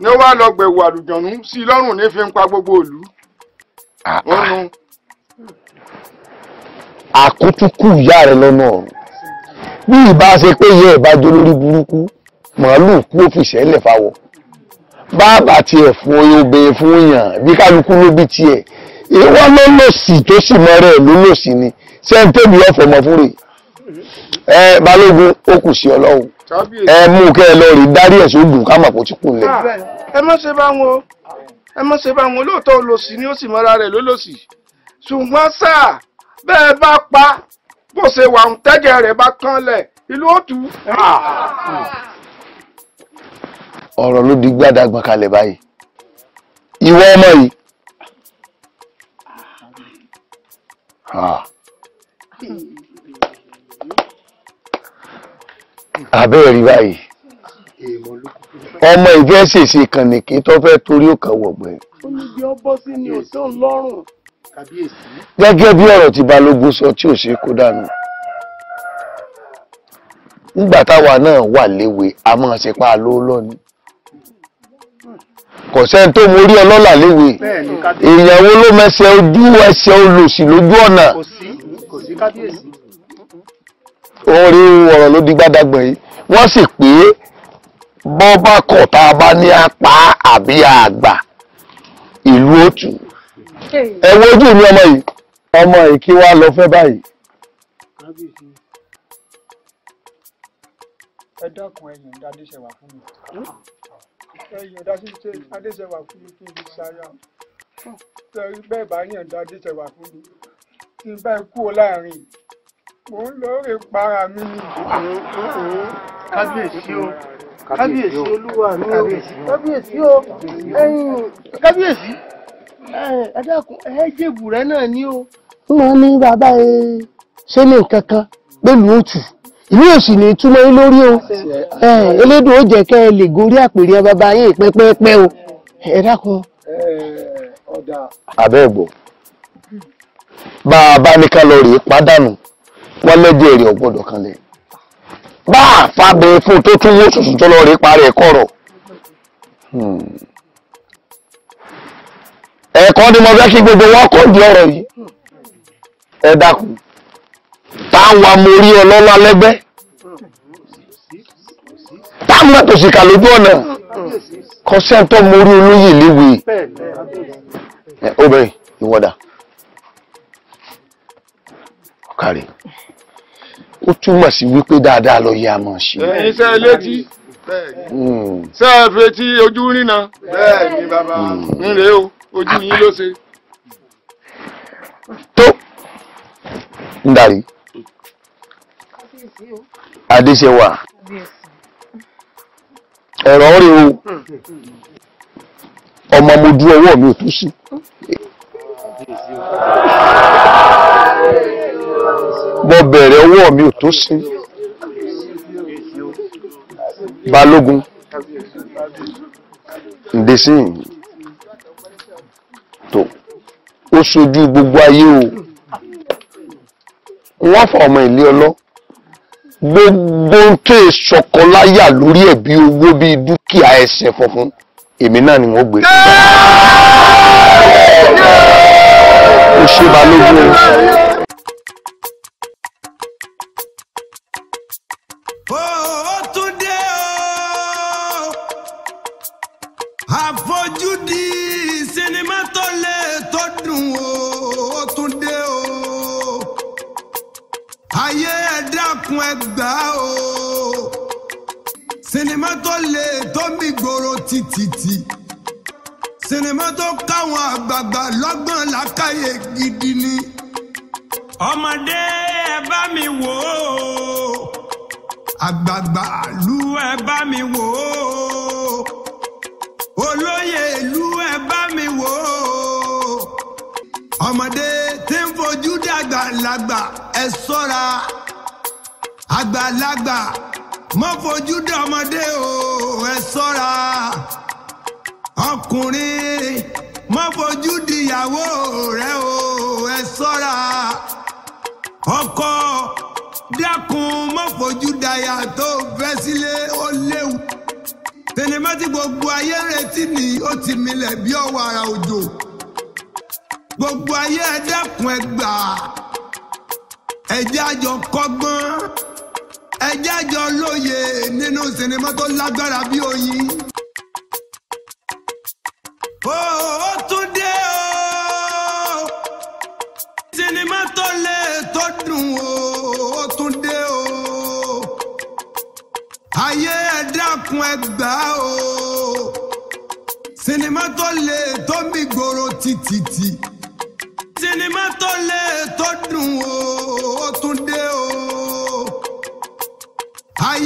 ní ó wá lọ gbẹ̀wò àlùjọ̀nù sí lọ́rùn ní ń pa gbogbo ìlú àkútúkù ìyá rẹ lọ́nà ọ̀run bí ìbá ṣe pé ìyá ẹ̀ bá jó lórí burúkú màálùú kú òfìsì ẹ̀lẹ̀ fáwọ̀ bàbá tiẹ̀ fún oyè obìnrin fún yàn bí kálukú ló bí tiẹ̀ ìwọ ló lòsì tó sì mọ́rẹ́ ẹ̀ ló lòsì ni sẹ́ńtẹ́bì ọ̀fọ̀ mọ́ fún rè ẹ balógun ó kù sí ọlọ́run ẹ mú kẹ́ ẹ lọ dárí ẹ̀ sóògùn káàmà kò ti kù lẹ̀. Ah, ẹ má ṣe bá wọn ẹ má ṣe bá wọn lóòótọ́ olòṣì ni ó sì mọ́ra rẹ̀ lólòṣì ṣùgbọ́n sáà bẹ́ẹ̀ bá pa bó ṣe wà ń tẹ́jẹ̀ rẹ̀ bá kánlẹ̀ ìlú òtù. ọ̀rọ̀ ló di gbàdàgbọ̀n kalẹ̀ báyìí ìwọ ọmọ yìí. àbẹ́ẹ̀rí báyìí ọmọ ìfẹ́ ṣèṣe kànìkì tó fẹ́ torí òkà wọ̀gbẹ́. ó ní bí ó bọ́ sí ni òtún lọ́rùn gẹ́gẹ́ bí ọ̀rọ̀ tí balógun sọ tí ò ṣe kó dànù nígbà táwa náà wà léwe a máa ṣe pa lóòlọ́ ni kò sẹ́ni tó mórí ọlọ́là léwe èèyàn wo ló mẹsẹ̀ ojú ẹsẹ̀ olòṣì lójú ọ̀nà orí ọ̀rọ̀ ló di gbádàgbọ̀n yìí wọ́n sì pé bọ́ bá kọ̀ tá a bá ní apá àbí àgbà ìlú òtún ẹ wo ojú mi ọmọ yìí ọmọ yìí kí wàá lọ fẹ́ báyìí. ẹ dákun ẹ̀yin ní adéṣẹwà fún mi ẹ̀yin ní adéṣẹwà fún mi kí n fi ṣayá torí bẹ́ẹ̀ bá yàn ní adéṣẹwà fún mi kí n bá ẹ kú o láàrin mò ń lóore para mi ni. kábíyèsí o kábíyèsí olúwa mi o kábíyèsí o ẹ̀yin kábíyèsí. ẹ dákun ẹ jèbù rẹ o. n máa ní bàbá ẹ ṣe ní nǹkan kan pẹ̀lú òtù ìlú òsì túmọ̀ o elédùn ó jẹ́ kẹ́ ẹ lè gorí o ẹ dákun. àbẹ́ẹ̀gbọ́ ní ká lọ rèé pàdánù wọ́n lẹ́dí ọ̀gbọ̀dọ̀ kan lẹ̀ bá a fàbẹ̀ fún tó tún wọ́n tó lọ parí ẹ̀kọ́ rọ̀. Hmm. ẹ̀kọ́ ni mo fẹ́ kí gbogbo wọn kọ́ di ọ̀rọ̀ yìí ẹ dákun táwọn amórí ọlọ́lá lẹ́gbẹ́ táwọn àtòsíkà lójú ọ̀nà kọ́sẹ́ńtọ́ mórí olóyè léwèé obìnrin ìwọ́dà ọ̀kàrẹ̀ ó túmọ̀ sí wípé dáadáa lọ yẹ àmọ́ ṣe. ẹ̀yin sẹ́ẹ̀ létí. Hmm. ṣé ẹ fetí ojú hmm. rìnà o ojú yín ló tó ń darí ọmọ mo ju mi ò tún sí. mo bẹ̀rẹ̀ ọwọ́ mi ò tún sí. balógun ndesin to o ṣojú gbogbo ayé o wọ́n fọ ọmọ ilé ọlọ́ gbogbo ń tó ìṣọ̀kan láyà lórí ẹ̀ bí owó bíi dúkìá ẹsẹ̀ funfun èmi náà ni wọ́n gbé. ó ṣe balógun o. ẹ gbà o. sinimá tó le tó mi gbòòrò títìtì sinimá tó káwọn àgbààgbà lọ́gbọ́n làkàyè gidi ni. ọmọdé ẹ bá mi wò ó àgbààgbà ìlú ẹ bá mi wò ó olóyè ìlú ẹ bá mi wò ó ọmọdé tí ń fojú dàgbà làgbà ẹ ṣọ́ra àgbàlagbà má fojú dá ọmọdé o ẹ ṣọ́ra ọkùnrin má fojú dìyàwó rẹ o ẹ ṣọ́ra ọkọ dákun má fojú dayà tó fẹ́ sílé ó léwu tẹnumọ́ tí gbogbo ayé retí ni ó ti milẹ̀ bí ọwọ́ ara òjò gbogbo ayé ẹ dákun ẹ gbà ẹ jẹ́ àjọ ẹ jẹ́jọ́ lóye nínú sinimá tó lágbára bí oyin. ó ó tún dé o sinimá tó lè tó dùn o ó tún dé o ayé ẹ dákun o sinimá tó lè tó mi gbòòrò títìtì sinimá tó lè tó dùn o ó tún dé o. Higher